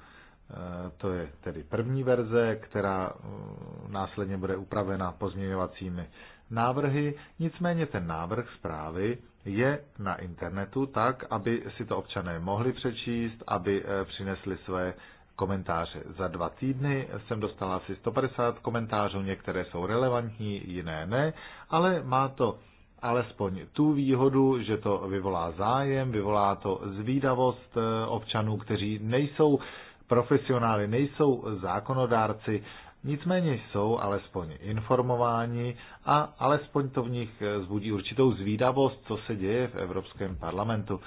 to je tedy první verze, která uh, následně bude upravena pozměňovacími návrhy. Nicméně ten návrh zprávy je na internetu tak, aby si to občané mohli přečíst, aby uh, přinesli své komentáře. Za dva týdny jsem dostala asi 150 komentářů, některé jsou relevantní, jiné ne, ale má to alespoň tu výhodu, že to vyvolá zájem, vyvolá to zvídavost eh, občanů, kteří nejsou profesionály, nejsou zákonodárci, nicméně jsou alespoň informováni a alespoň to v nich eh, zbudí určitou zvídavost, co se děje v Evropském parlamentu.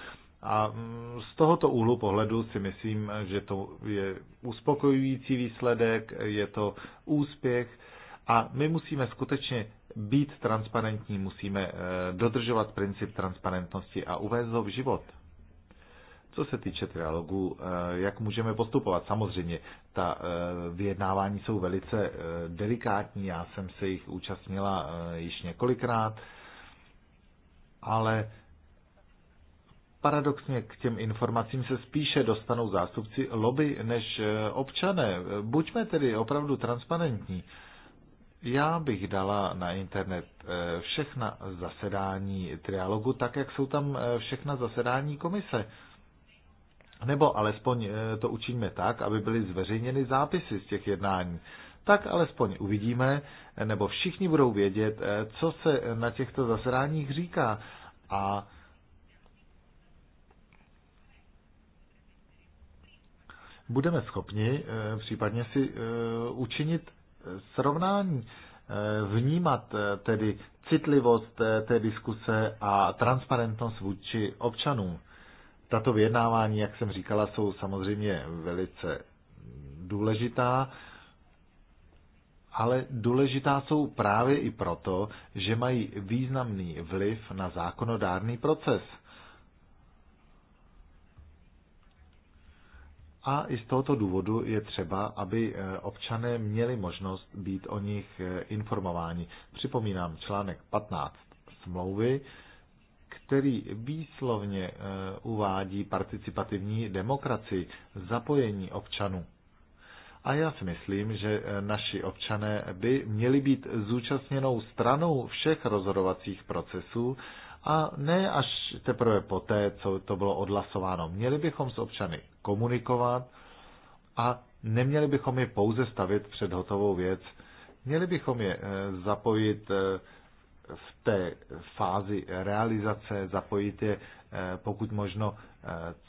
A mm, z tohoto úhlu pohledu si myslím, že to je uspokojující výsledek, je to úspěch a my musíme skutečně být transparentní, musíme eh, dodržovat princip transparentnosti a uvést ho v život. Co se týče trialogu, eh, jak můžeme postupovat? Samozřejmě, ta eh, vyjednávání jsou velice delikátní, já jsem se jich účastnila již několikrát, ale paradoxně k těm informacím se spíše dostanou zástupci lobby než občané. Buďme tedy opravdu transparentní. Já bych dala na internet eh, všechna zasedání trialogu, tak jak jsou tam eh, všechna zasedání komise. Nebo alespoň eh, to učiníme tak, aby byly zveřejněny zápisy z těch jednání. Tak alespoň uvidíme, nebo všichni budou vědět, co se na těchto zasedáních říká. A budeme schopni případně si učinit srovnání eh, vnímat eh, tedy citlivost eh, té diskuse a transparentnost vůči občanům. Tato vyjednávání, jak jsem říkala, jsou samozřejmě velice důležitá, ale důležitá jsou právě i proto, že mají významný vliv na zákonodárný proces A i z tohoto důvodu je třeba, aby eh, občané měli možnost být o nich eh, informováni. Připomínám článek 15 smlouvy, který výslovně eh, uvádí participativní demokracii, zapojení občanů. A já si myslím, že naši občané by měli být zúčastněnou stranou všech rozhodovacích procesů a ne až teprve poté, co to bylo odhlasováno. Měli bychom s občany komunikovat a neměli bychom je pouze stavit před hotovou věc. Měli bychom je eh, zapojit eh, v té fázi realizace, zapojit je eh, pokud možno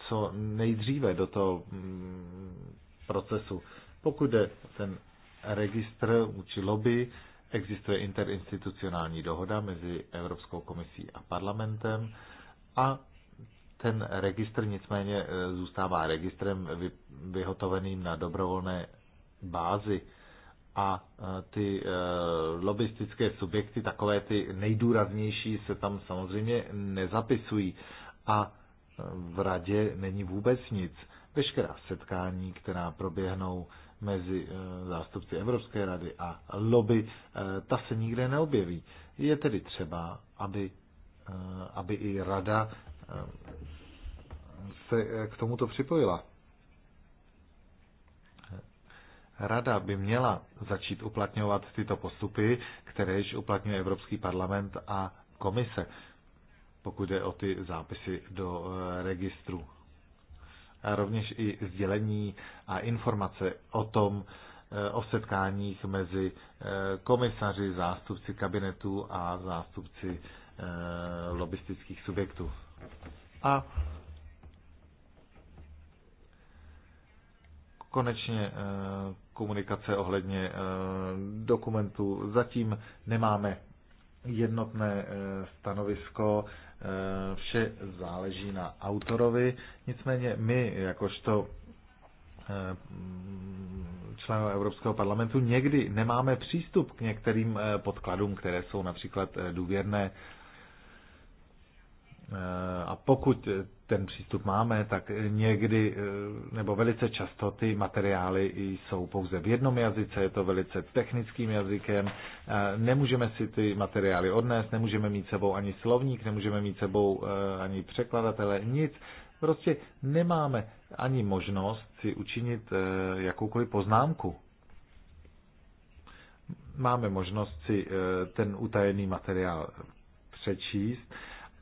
co nejdříve do toho mm, procesu. Pokud je ten registr vůči lobby, Existuje interinstitucionální dohoda mezi Evropskou komisí a parlamentem a ten registr nicméně e, zůstává registrem vyhotoveným na dobrovolné bázi a e, ty e, lobbystické subjekty, takové ty nejdůraznější, se tam samozřejmě nezapisují a v radě není vůbec nic. Veškerá setkání, která proběhnou mezi eh, zástupci Evropské rady a lobby, eh, ta se nikde neobjeví. Je tedy třeba, aby, eh, aby i rada se k tomuto připojila. Rada by měla začít uplatňovat tyto postupy, které již uplatňuje Evropský parlament a komise, pokud jde o ty zápisy do registru a rovněž i sdělení a informace o tom, eh, o setkáních mezi eh, komisaři, zástupci kabinetu a zástupci eh, lobistických subjektů. A konečně komunikace ohledně dokumentů. Zatím nemáme jednotné eh, stanovisko, eh, vše záleží na autorovi, nicméně my jakožto eh, členů Evropského parlamentu někdy nemáme přístup k některým podkladům, které jsou například důvěrné Eh, a pokud eh, ten přístup máme, tak někdy eh, nebo velice často ty materiály jsou pouze v jednom jazyce, je to velice technickým jazykem, nemůžeme si ty materiály odnést, nemůžeme mít sebou ani slovník, nemůžeme mít sebou ani překladatele, nic. Prostě nemáme ani možnost si učinit jakoukoliv poznámku. Máme možnost si ten utajený materiál přečíst,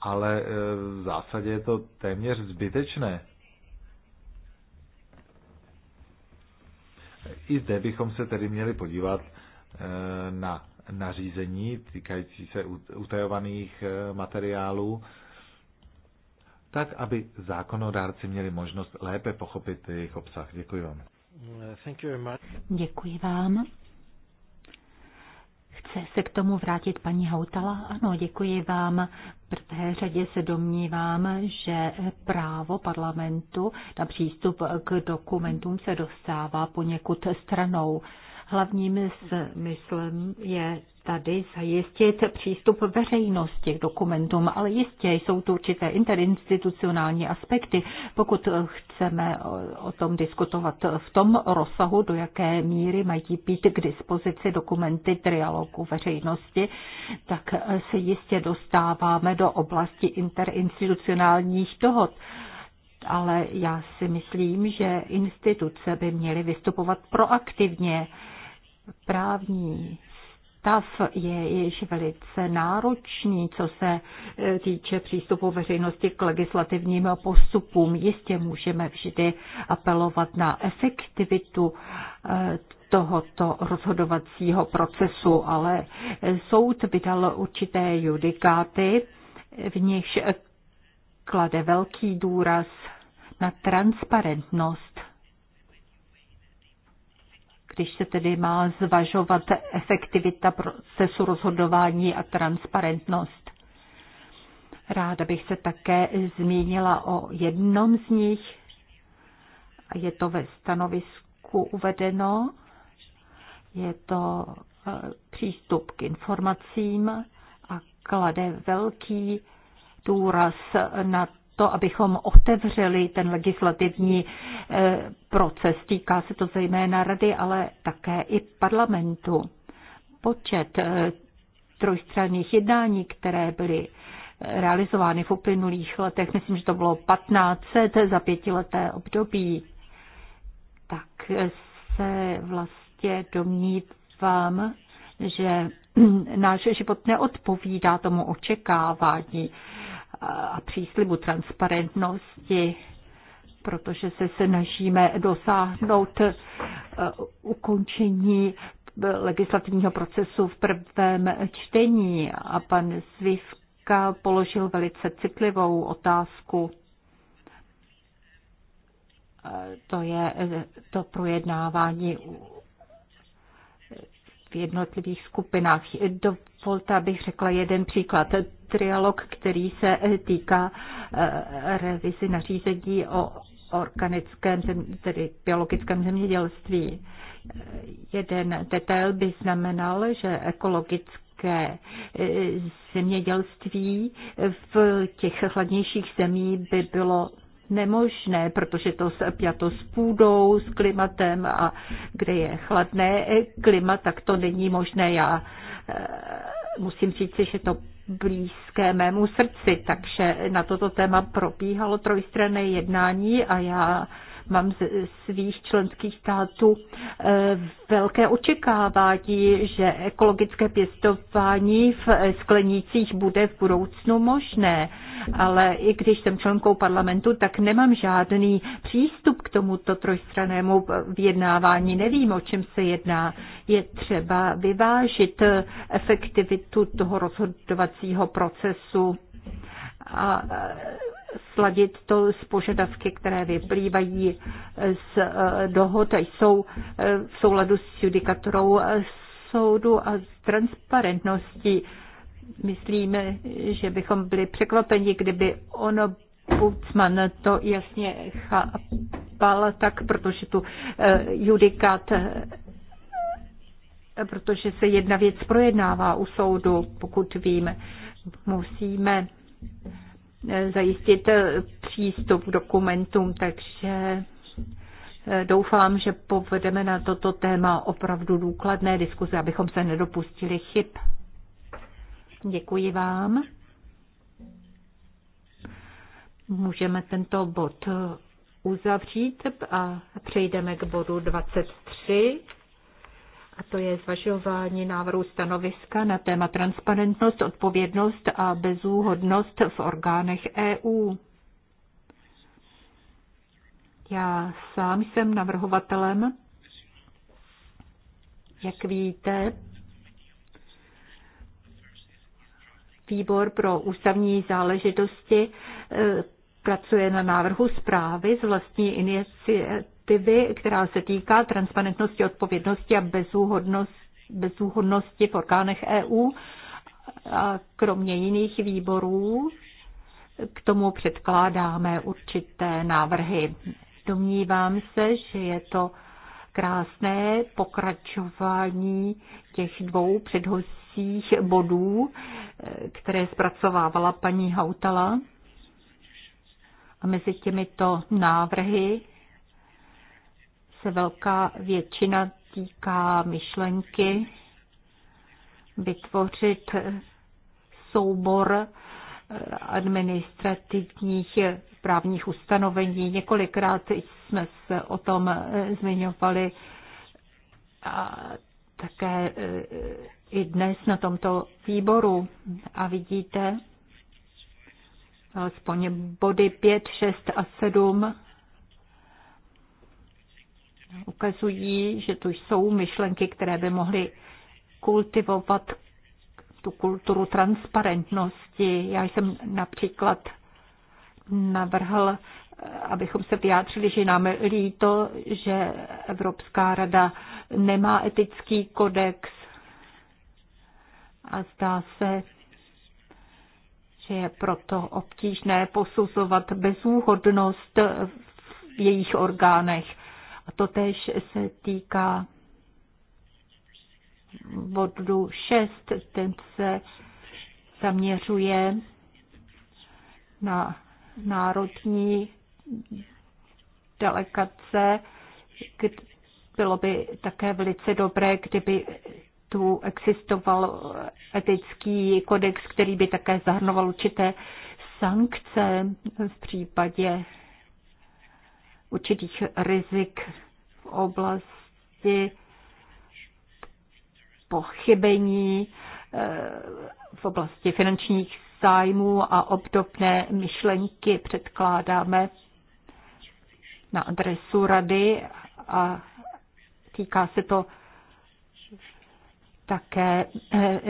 ale e, v zásadě je to téměř zbytečné. I zde bychom se tedy měli podívat e, na nařízení týkající se utajovaných e, materiálů, tak, aby zákonodárci měli možnost lépe pochopit jejich obsah. Děkuji vám. Děkuji vám. Chce se k tomu vrátit paní Hautala? Ano, děkuji vám. V prvé řadě se domnívám, že právo parlamentu na přístup k dokumentům se dostává poněkud stranou. Hlavním smyslem je tady zajistit přístup veřejnosti k dokumentům, ale jistě jsou tu určité interinstitucionální aspekty. Pokud chceme o tom diskutovat v tom rozsahu, do jaké míry mají být k dispozici dokumenty trialogu veřejnosti, tak se jistě dostáváme do oblasti interinstitucionálních dohod ale já si myslím, že instituce by měly vystupovat proaktivně. Právní stav je již velice náročný, co se e, týče přístupu veřejnosti k legislativním postupům. Jistě můžeme vždy apelovat na efektivitu e, tohoto rozhodovacího procesu, ale soud dal určité judikáty, v nichž klade velký důraz na transparentnost když se tedy má zvažovat efektivita procesu rozhodování a transparentnost. Ráda bych se také zmínila o jednom z nich. Je to ve stanovisku uvedeno. Je to e, přístup k informacím a klade velký důraz na to, abychom otevřeli ten legislativní eh, proces. Týká se to zejména rady, ale také i parlamentu. Počet eh, trojstranných jednání, které byly eh, realizovány v uplynulých letech, myslím, že to bylo 15 za pětileté období, tak se vlastně domnívám, že [CLEARS THROAT] náš život neodpovídá tomu očekávání a příslibu transparentnosti, protože se snažíme dosáhnout e, ukončení legislativního procesu v prvém čtení a pan Zvivka položil velice citlivou otázku. E, to je e, to projednávání v jednotlivých skupinách. Dovolte, abych řekla jeden příklad. Trialog, který se týká eh, revizi nařízení o organickém, tedy biologickém zemědělství. Jeden detail by znamenal, že ekologické eh, zemědělství v těch chladnějších zemí by bylo nemožné, protože to spjato s půdou, s klimatem a kde je chladné klima, tak to není možné. Já eh, musím říct, že to blízké mému srdci, takže na toto téma probíhalo trojstranné jednání a já Mám z svých členských států eh, velké očekávání, že ekologické pěstování v sklenících bude v budoucnu možné, ale i když jsem členkou parlamentu, tak nemám žádný přístup k tomuto trojstranému vyjednávání. Nevím, o čem se jedná. Je třeba vyvážit efektivitu toho rozhodovacího procesu a sladit to s požadavky, které vyplývají z eh, dohod a jsou eh, v souladu s judikatorou soudu a s transparentností. Myslíme, že bychom byli překvapeni, kdyby ono Putzman to jasně chápal tak, protože tu eh, judikát protože se jedna věc projednává u soudu, pokud vím, musíme Eh, zajistit eh, přístup k dokumentům, takže eh, doufám, že povedeme na toto téma opravdu důkladné diskuze, abychom se nedopustili chyb. Děkuji vám. Můžeme tento bod uzavřít a přejdeme k bodu 23 a to je zvažování návrhu stanoviska na téma transparentnost, odpovědnost a bezúhodnost v orgánech EU. Já sám jsem navrhovatelem. Jak víte, výbor pro ústavní záležitosti eh, pracuje na návrhu zprávy z vlastní iniciativy direktivy, která se týká transparentnosti, odpovědnosti a bezúhodnosti, bezúhodnosti v orgánech EU. A kromě jiných výborů k tomu předkládáme určité návrhy. Domnívám se, že je to krásné pokračování těch dvou předhozích bodů, které zpracovávala paní Hautala. A mezi těmito návrhy se velká většina týká myšlenky vytvořit soubor eh, administrativních právních ustanovení. Několikrát jsme se o tom eh, zmiňovali a také eh, i dnes na tomto výboru. A vidíte, alespoň body 5, 6 a 7 ukazují, že tu jsou myšlenky, které by mohly kultivovat tu kulturu transparentnosti. Já jsem například navrhl, abychom se vyjádřili, že nám líto, že Evropská rada nemá etický kodex a zdá se, že je proto obtížné posuzovat bezúhodnost v jejich orgánech. A to tež se týká bodu 6, ten se zaměřuje na národní delegace. Bylo by také velice dobré, kdyby tu existoval etický kodex, který by také zahrnoval určité sankce v případě určitých rizik v oblasti pochybení eh, v oblasti finančních zájmů a obdobné myšlenky předkládáme na adresu rady a týká se to také eh,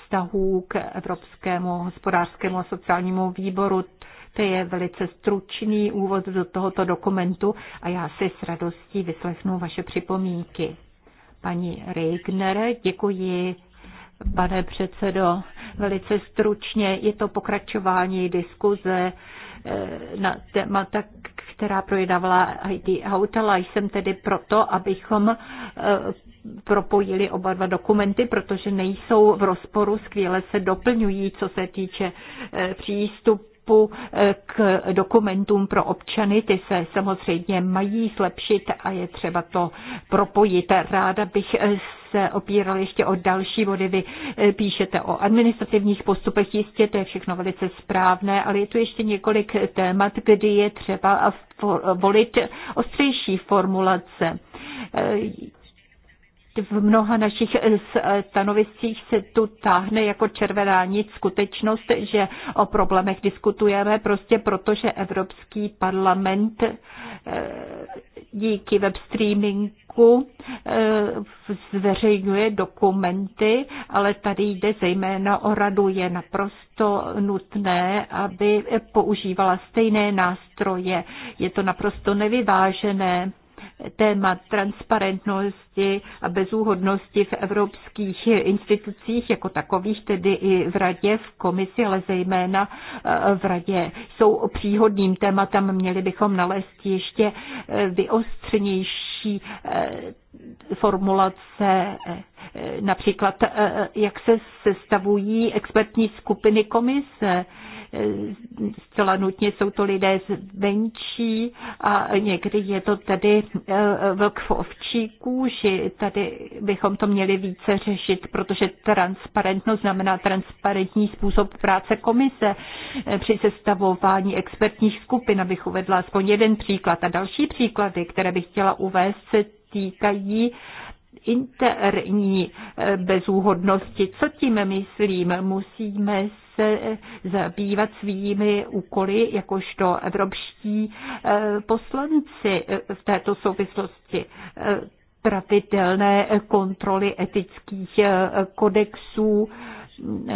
vztahů k Evropskému hospodářskému a sociálnímu výboru. To je velice stručný úvod do tohoto dokumentu a já si s radostí vyslechnu vaše připomínky. Paní Reigner, děkuji Pane předsedo, velice stručně je to pokračování diskuze eh, na témata, která projednávala IT a Jsem tedy proto, abychom eh, propojili oba dva dokumenty, protože nejsou v rozporu, skvěle se doplňují, co se týče eh, přístup přístupu eh, k dokumentům pro občany. Ty se samozřejmě mají zlepšit a je třeba to propojit. Ráda bych eh, se opíral ještě o další vody, Vy eh, píšete o administrativních postupech, jistě to je všechno velice správné, ale je tu ještě několik témat, kdy je třeba volit ostřejší formulace v mnoha našich eh, eh, stanoviscích se tu táhne jako červená nic skutečnost, že o problémech diskutujeme prostě proto, že Evropský parlament eh, díky web streamingu zveřejňuje dokumenty, ale tady jde zejména o radu. Je naprosto nutné, aby používala stejné nástroje. Je to naprosto nevyvážené téma transparentnosti a bezúhodnosti v evropských institucích jako takových, tedy i v radě, v komisi, ale zejména eh, v radě, jsou příhodným tématem. Měli bychom nalézt ještě eh, vyostřenější eh, formulace, například jak se sestavují expertní skupiny komise, zcela nutně jsou to lidé zvenčí a někdy je to tady e, vlk v ovčí kůži. Tady bychom to měli více řešit, protože transparentnost znamená transparentní způsob práce komise e, při sestavování expertních skupin, abych uvedla aspoň jeden příklad. A další příklady, které bych chtěla uvést, se týkají interní e, bezúhodnosti. Co tím myslím? Musíme se eh, zabývat svými úkoly jakožto evropští eh, poslanci eh, v této souvislosti pravidelné kontroly etických kodexů.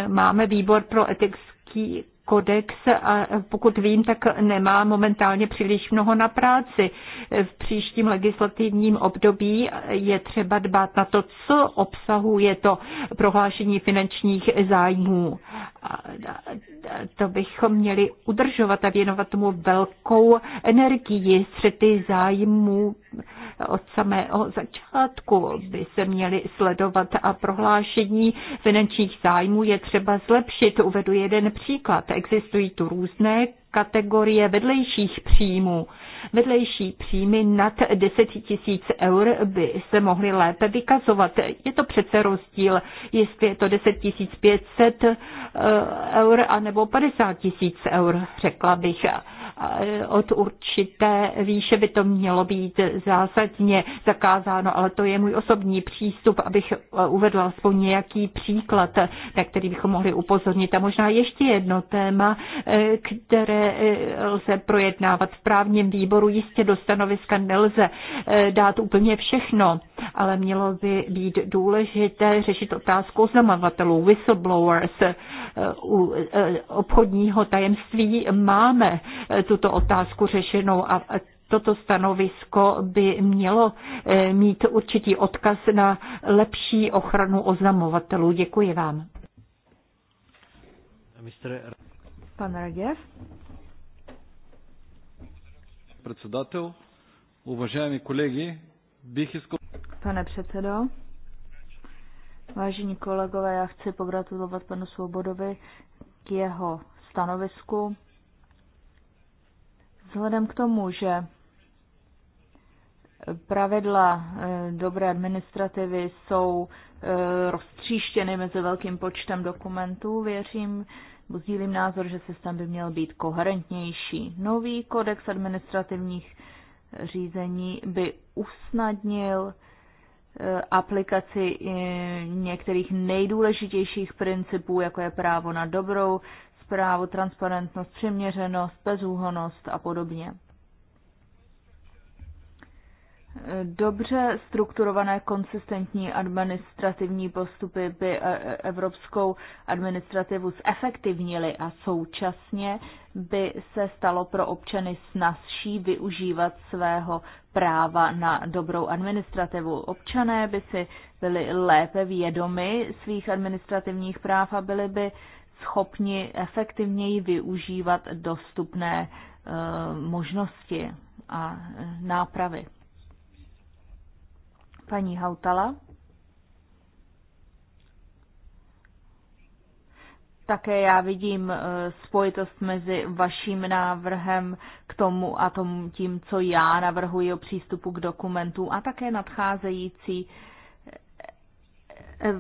Máme výbor pro etický kodex a pokud vím, tak nemá momentálně příliš mnoho na práci. V příštím legislativním období je třeba dbát na to, co obsahuje to prohlášení finančních zájmů. To bychom měli udržovat a věnovat tomu velkou energii. Střety zájmů od samého začátku by se měly sledovat a prohlášení finančních zájmů je třeba zlepšit. Uvedu jeden příklad. Existují tu různé kategorie vedlejších příjmů. Vedlejší příjmy nad 10 tisíc eur by se mohly lépe vykazovat. Je to přece rozdíl, jestli je to 10 500 eh, eur anebo 50 tisíc eur, řekla bych. Eh, od určité výše by to mělo být zásadně zakázáno, ale to je můj osobní přístup, abych eh, uvedla aspoň nějaký příklad, na který bychom mohli upozornit. A možná ještě jedno téma, eh, které lze projednávat v právním výboru. Jistě do stanoviska nelze dát úplně všechno ale mělo by být důležité řešit otázku oznamovatelů, whistleblowers. Eh, u eh, obchodního tajemství máme eh, tuto otázku řešenou a toto stanovisko by mělo mít určitý odkaz na lepší ochranu oznamovatelů. Děkuji vám. Pan Raděv. Předsedatel, uvažujeme, kolegy, bych искал pane předsedo. Vážení kolegové, já chci pogratulovat panu Svobodovi k jeho stanovisku. Vzhledem k tomu, že pravidla eh, dobré administrativy jsou eh, roztříštěny mezi velkým počtem dokumentů, věřím, sdílím názor, že systém by měl být koherentnější. Nový kodex administrativních řízení by usnadnil Eh, aplikaci eh, některých nejdůležitějších principů, jako je právo na dobrou zprávu, transparentnost, přiměřenost, bezúhonost a podobně. Eh, dobře strukturované konsistentní administrativní postupy by evropskou administrativu zefektivnily a současně by se stalo pro občany snazší využívat svého práva na dobrou administrativu. Občané by si byli lépe vědomi svých administrativních práv a byli by schopni efektivněji využívat dostupné eh, možnosti a eh, nápravy. Paní Hautala. Také já vidím eh, spojitost mezi vaším návrhem k tomu a tom, tím, co já navrhuji o přístupu k dokumentům a také nadcházející eh,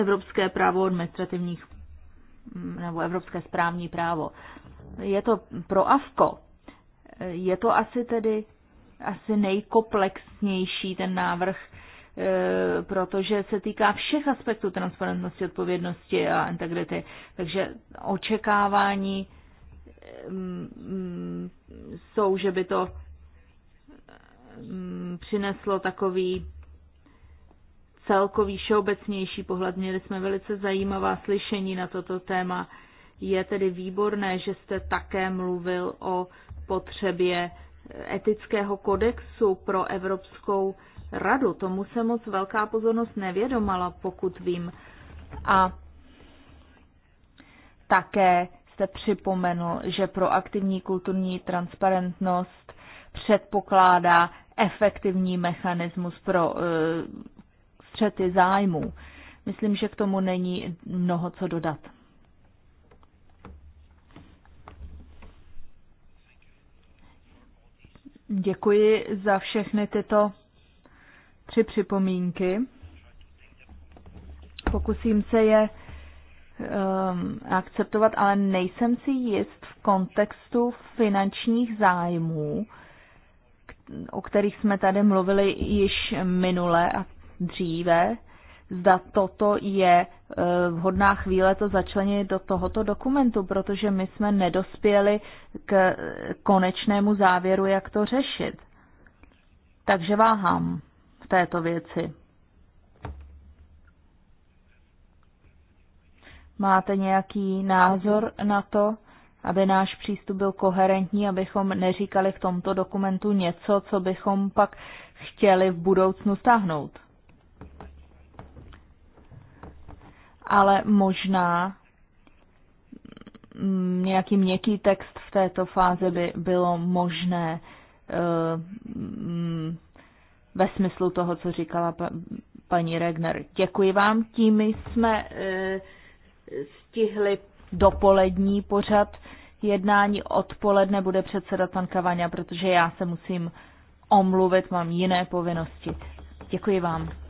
evropské právo administrativních mm, nebo evropské správní právo. Je to pro AFKO. Eh, je to asi tedy asi nejkomplexnější ten návrh Eh, protože se týká všech aspektů transparentnosti, odpovědnosti a integrity. Takže očekávání eh, mm, jsou, že by to mm, přineslo takový celkový všeobecnější pohled. Měli jsme velice zajímavá slyšení na toto téma. Je tedy výborné, že jste také mluvil o potřebě etického kodexu pro Evropskou radu. Tomu se moc velká pozornost nevědomala, pokud vím. A také jste připomenul, že pro aktivní kulturní transparentnost předpokládá efektivní mechanismus pro uh, střety zájmů. Myslím, že k tomu není mnoho co dodat. Děkuji za všechny tyto tři připomínky. Pokusím se je um, akceptovat, ale nejsem si jist v kontextu finančních zájmů, o kterých jsme tady mluvili již minule a dříve, zda toto je uh, vhodná chvíle to začlenit do tohoto dokumentu, protože my jsme nedospěli k konečnému závěru, jak to řešit. Takže váhám této věci. Máte nějaký názor na to, aby náš přístup byl koherentní, abychom neříkali v tomto dokumentu něco, co bychom pak chtěli v budoucnu stáhnout? Ale možná mm, nějaký měkký text v této fázi by bylo možné eh, mm, ve smyslu toho, co říkala paní Regner. Děkuji vám. Tím jsme e, stihli dopolední pořad jednání. Odpoledne bude předsedat pan Kavaňa, protože já se musím omluvit, mám jiné povinnosti. Děkuji vám.